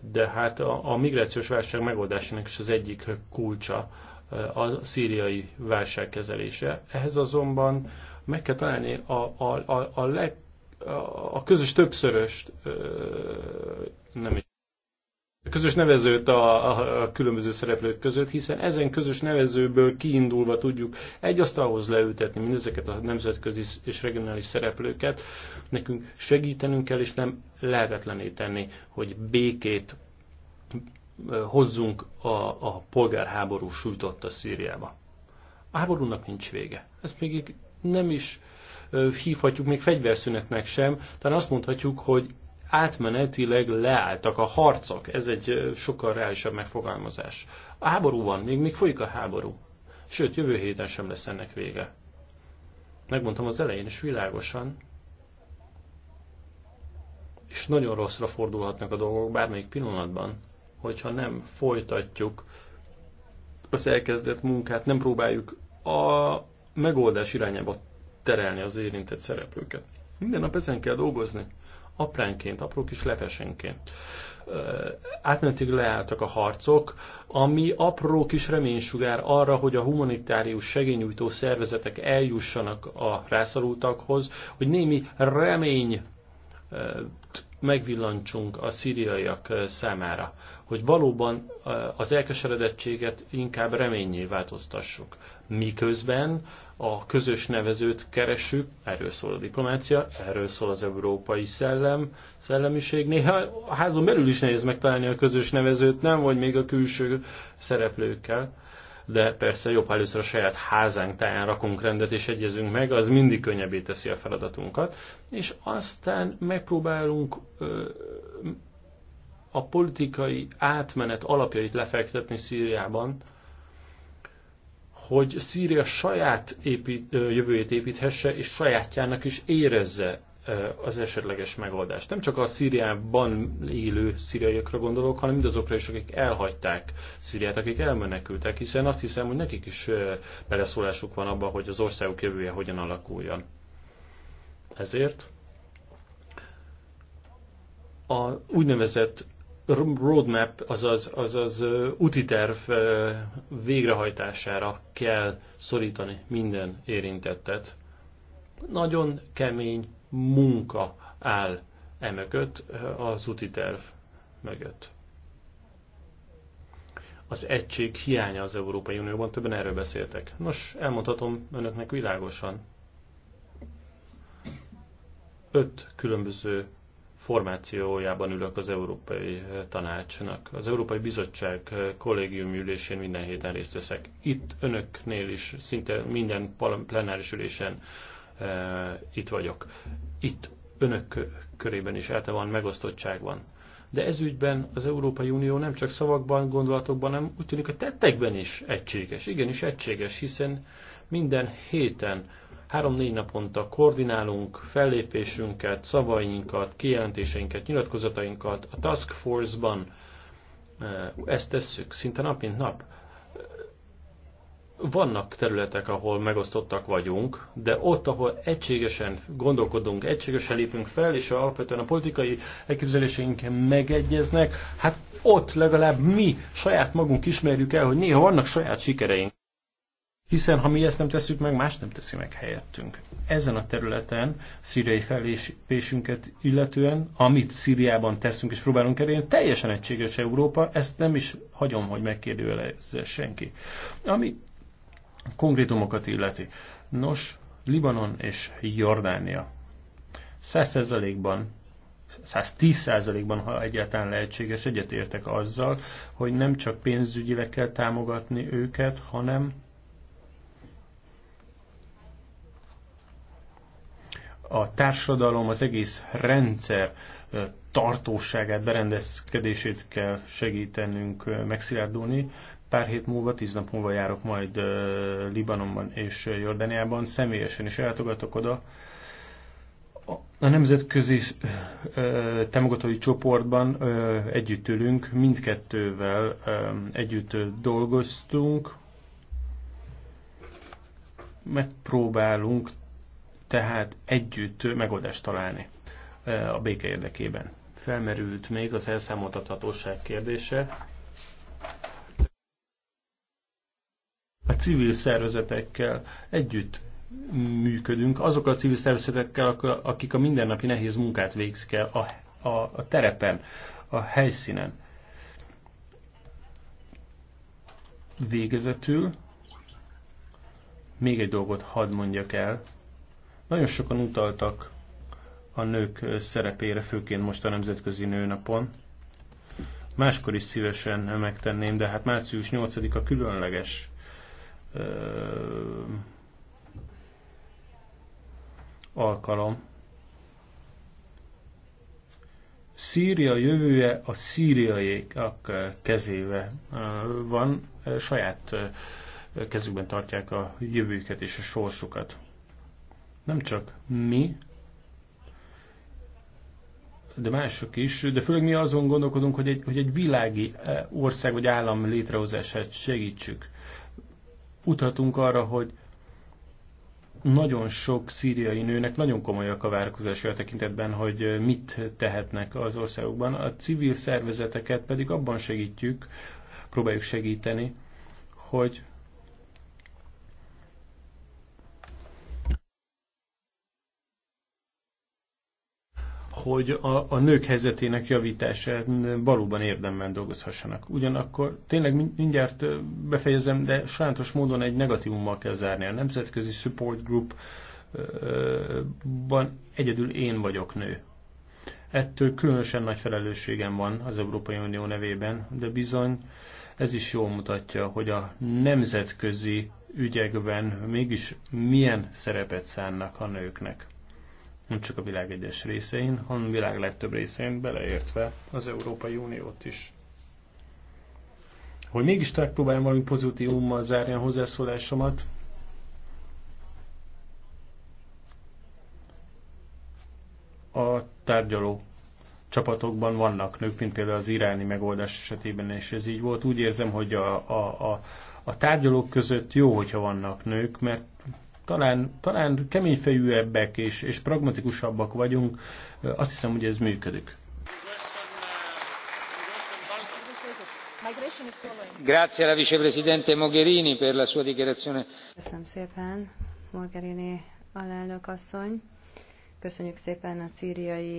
de hát a, a migrációs válság megoldásának is az egyik kulcsa eh, a szíriai válság kezelése. Ehhez azonban meg kell találni a, a, a, a, leg, a, a közös többszörös, eh, nem is közös nevezőt a, a, a különböző szereplők között, hiszen ezen közös nevezőből kiindulva tudjuk egy asztalhoz leültetni mindezeket a nemzetközi és regionális szereplőket. Nekünk segítenünk kell, és nem lehetetlené tenni, hogy békét hozzunk a, a polgárháború sújtotta Szíriába. A háborúnak nincs vége. Ezt még nem is hívhatjuk még fegyverszünetnek sem, talán azt mondhatjuk, hogy átmenetileg leálltak a harcok. Ez egy sokkal reálisabb megfogalmazás. A háború van, még, még folyik a háború. Sőt, jövő héten sem lesz ennek vége. Megmondtam az elején is világosan, és nagyon rosszra fordulhatnak a dolgok bármelyik pillanatban, hogyha nem folytatjuk az elkezdett munkát, nem próbáljuk a megoldás irányába terelni az érintett szereplőket. Minden nap ezen kell dolgozni apránként, apró kis levesenként. Átmenetig leálltak a harcok, ami apró kis reménysugár arra, hogy a humanitárius segényújtó szervezetek eljussanak a rászorultakhoz, hogy némi remény megvillancsunk a szíriaiak számára, hogy valóban az elkeseredettséget inkább reményé változtassuk. Miközben a közös nevezőt keresünk, erről szól a diplomácia, erről szól az európai szellem, szellemiség. Néha a házon belül is nehéz megtalálni a közös nevezőt, nem, vagy még a külső szereplőkkel. De persze jobb, ha először a saját házánk táján rakunk rendet és egyezünk meg, az mindig könnyebbé teszi a feladatunkat. És aztán megpróbálunk ö, a politikai átmenet alapjait lefektetni Szíriában, hogy Szíria saját épít, jövőjét építhesse, és sajátjának is érezze az esetleges megoldást. Nem csak a Szíriában élő szíriaiakra gondolok, hanem mindazokra is, akik elhagyták Szíriát, akik elmenekültek, hiszen azt hiszem, hogy nekik is beleszólásuk van abban, hogy az országuk jövője hogyan alakuljon. Ezért a úgynevezett roadmap, azaz, azaz úti terv végrehajtására kell szorítani minden érintettet. Nagyon kemény munka áll emögött, az úti terv mögött. Az egység hiánya az Európai Unióban, többen erről beszéltek. Nos, elmondhatom önöknek világosan. Öt különböző formációjában ülök az Európai Tanácsnak. Az Európai Bizottság kollégium ülésén minden héten részt veszek. Itt önöknél is, szinte minden plenáris ülésen uh, itt vagyok. Itt önök körében is általában megosztottság van. De ez ügyben az Európai Unió nem csak szavakban, gondolatokban, hanem úgy tűnik a tettekben is egységes. Igenis egységes, hiszen minden héten Három-négy naponta koordinálunk fellépésünket, szavainkat, kijelentéseinket, nyilatkozatainkat. A Task Force-ban eh, ezt tesszük szinte nap mint nap. Vannak területek, ahol megosztottak vagyunk, de ott, ahol egységesen gondolkodunk, egységesen lépünk fel, és alapvetően a politikai elképzeléseink megegyeznek, hát ott legalább mi saját magunk ismerjük el, hogy néha vannak saját sikereink. Hiszen ha mi ezt nem tesszük meg, más nem teszi meg helyettünk. Ezen a területen szíriai fellépésünket illetően, amit Szíriában teszünk és próbálunk elérni, teljesen egységes Európa, ezt nem is hagyom, hogy megkérdőjelezze senki. Ami konkrétumokat illeti. Nos, Libanon és Jordánia. 100%-ban 110%-ban, ha egyáltalán lehetséges, egyetértek azzal, hogy nem csak pénzügyileg kell támogatni őket, hanem a társadalom, az egész rendszer tartóságát, berendezkedését kell segítenünk megszilárdulni. Pár hét múlva, tíz nap múlva járok majd Libanonban és Jordániában, személyesen is eltogatok oda. A nemzetközi támogatói csoportban együtt ülünk, mindkettővel együtt dolgoztunk, megpróbálunk tehát együtt megoldást találni a béke érdekében. Felmerült még az elszámoltathatóság kérdése. A civil szervezetekkel együtt működünk, azok a civil szervezetekkel, akik a mindennapi nehéz munkát végzik el a, a, a terepen, a helyszínen. Végezetül még egy dolgot hadd mondjak el, nagyon sokan utaltak a nők szerepére, főként most a Nemzetközi Nőnapon. Máskor is szívesen megtenném, de hát március 8-a különleges ö, alkalom. Szíria jövője a szíriaiak kezébe van, saját kezükben tartják a jövőket és a sorsukat. Nem csak mi, de mások is, de főleg mi azon gondolkodunk, hogy egy, hogy egy világi eh, ország vagy állam létrehozását segítsük. Utatunk arra, hogy nagyon sok szíriai nőnek nagyon komolyak a várakozási a tekintetben, hogy eh, mit tehetnek az országokban. A civil szervezeteket pedig abban segítjük, próbáljuk segíteni, hogy hogy a, a nők helyzetének javításán valóban érdemben dolgozhassanak. Ugyanakkor tényleg mindjárt befejezem, de sajátos módon egy negatívummal kell zárni. A Nemzetközi Support Group ban egyedül én vagyok nő. Ettől különösen nagy felelősségem van az Európai Unió nevében, de bizony ez is jól mutatja, hogy a nemzetközi ügyekben mégis milyen szerepet szánnak a nőknek nem csak a világ egyes részein, hanem a világ legtöbb részein, beleértve az Európai Uniót is. Hogy mégis megpróbáljam valami pozitívummal zárni a hozzászólásomat, a tárgyaló csapatokban vannak nők, mint például az iráni megoldás esetében, is, ez így volt. Úgy érzem, hogy a, a, a, a tárgyalók között jó, hogyha vannak nők, mert talán, talán keményfejűebbek és, és pragmatikusabbak vagyunk, azt hiszem, hogy ez működik. Grazie alla vicepresidente Mogherini per la sua dichiarazione. Köszönöm szépen, Mogherini alelnök asszony. Köszönjük szépen a szíriai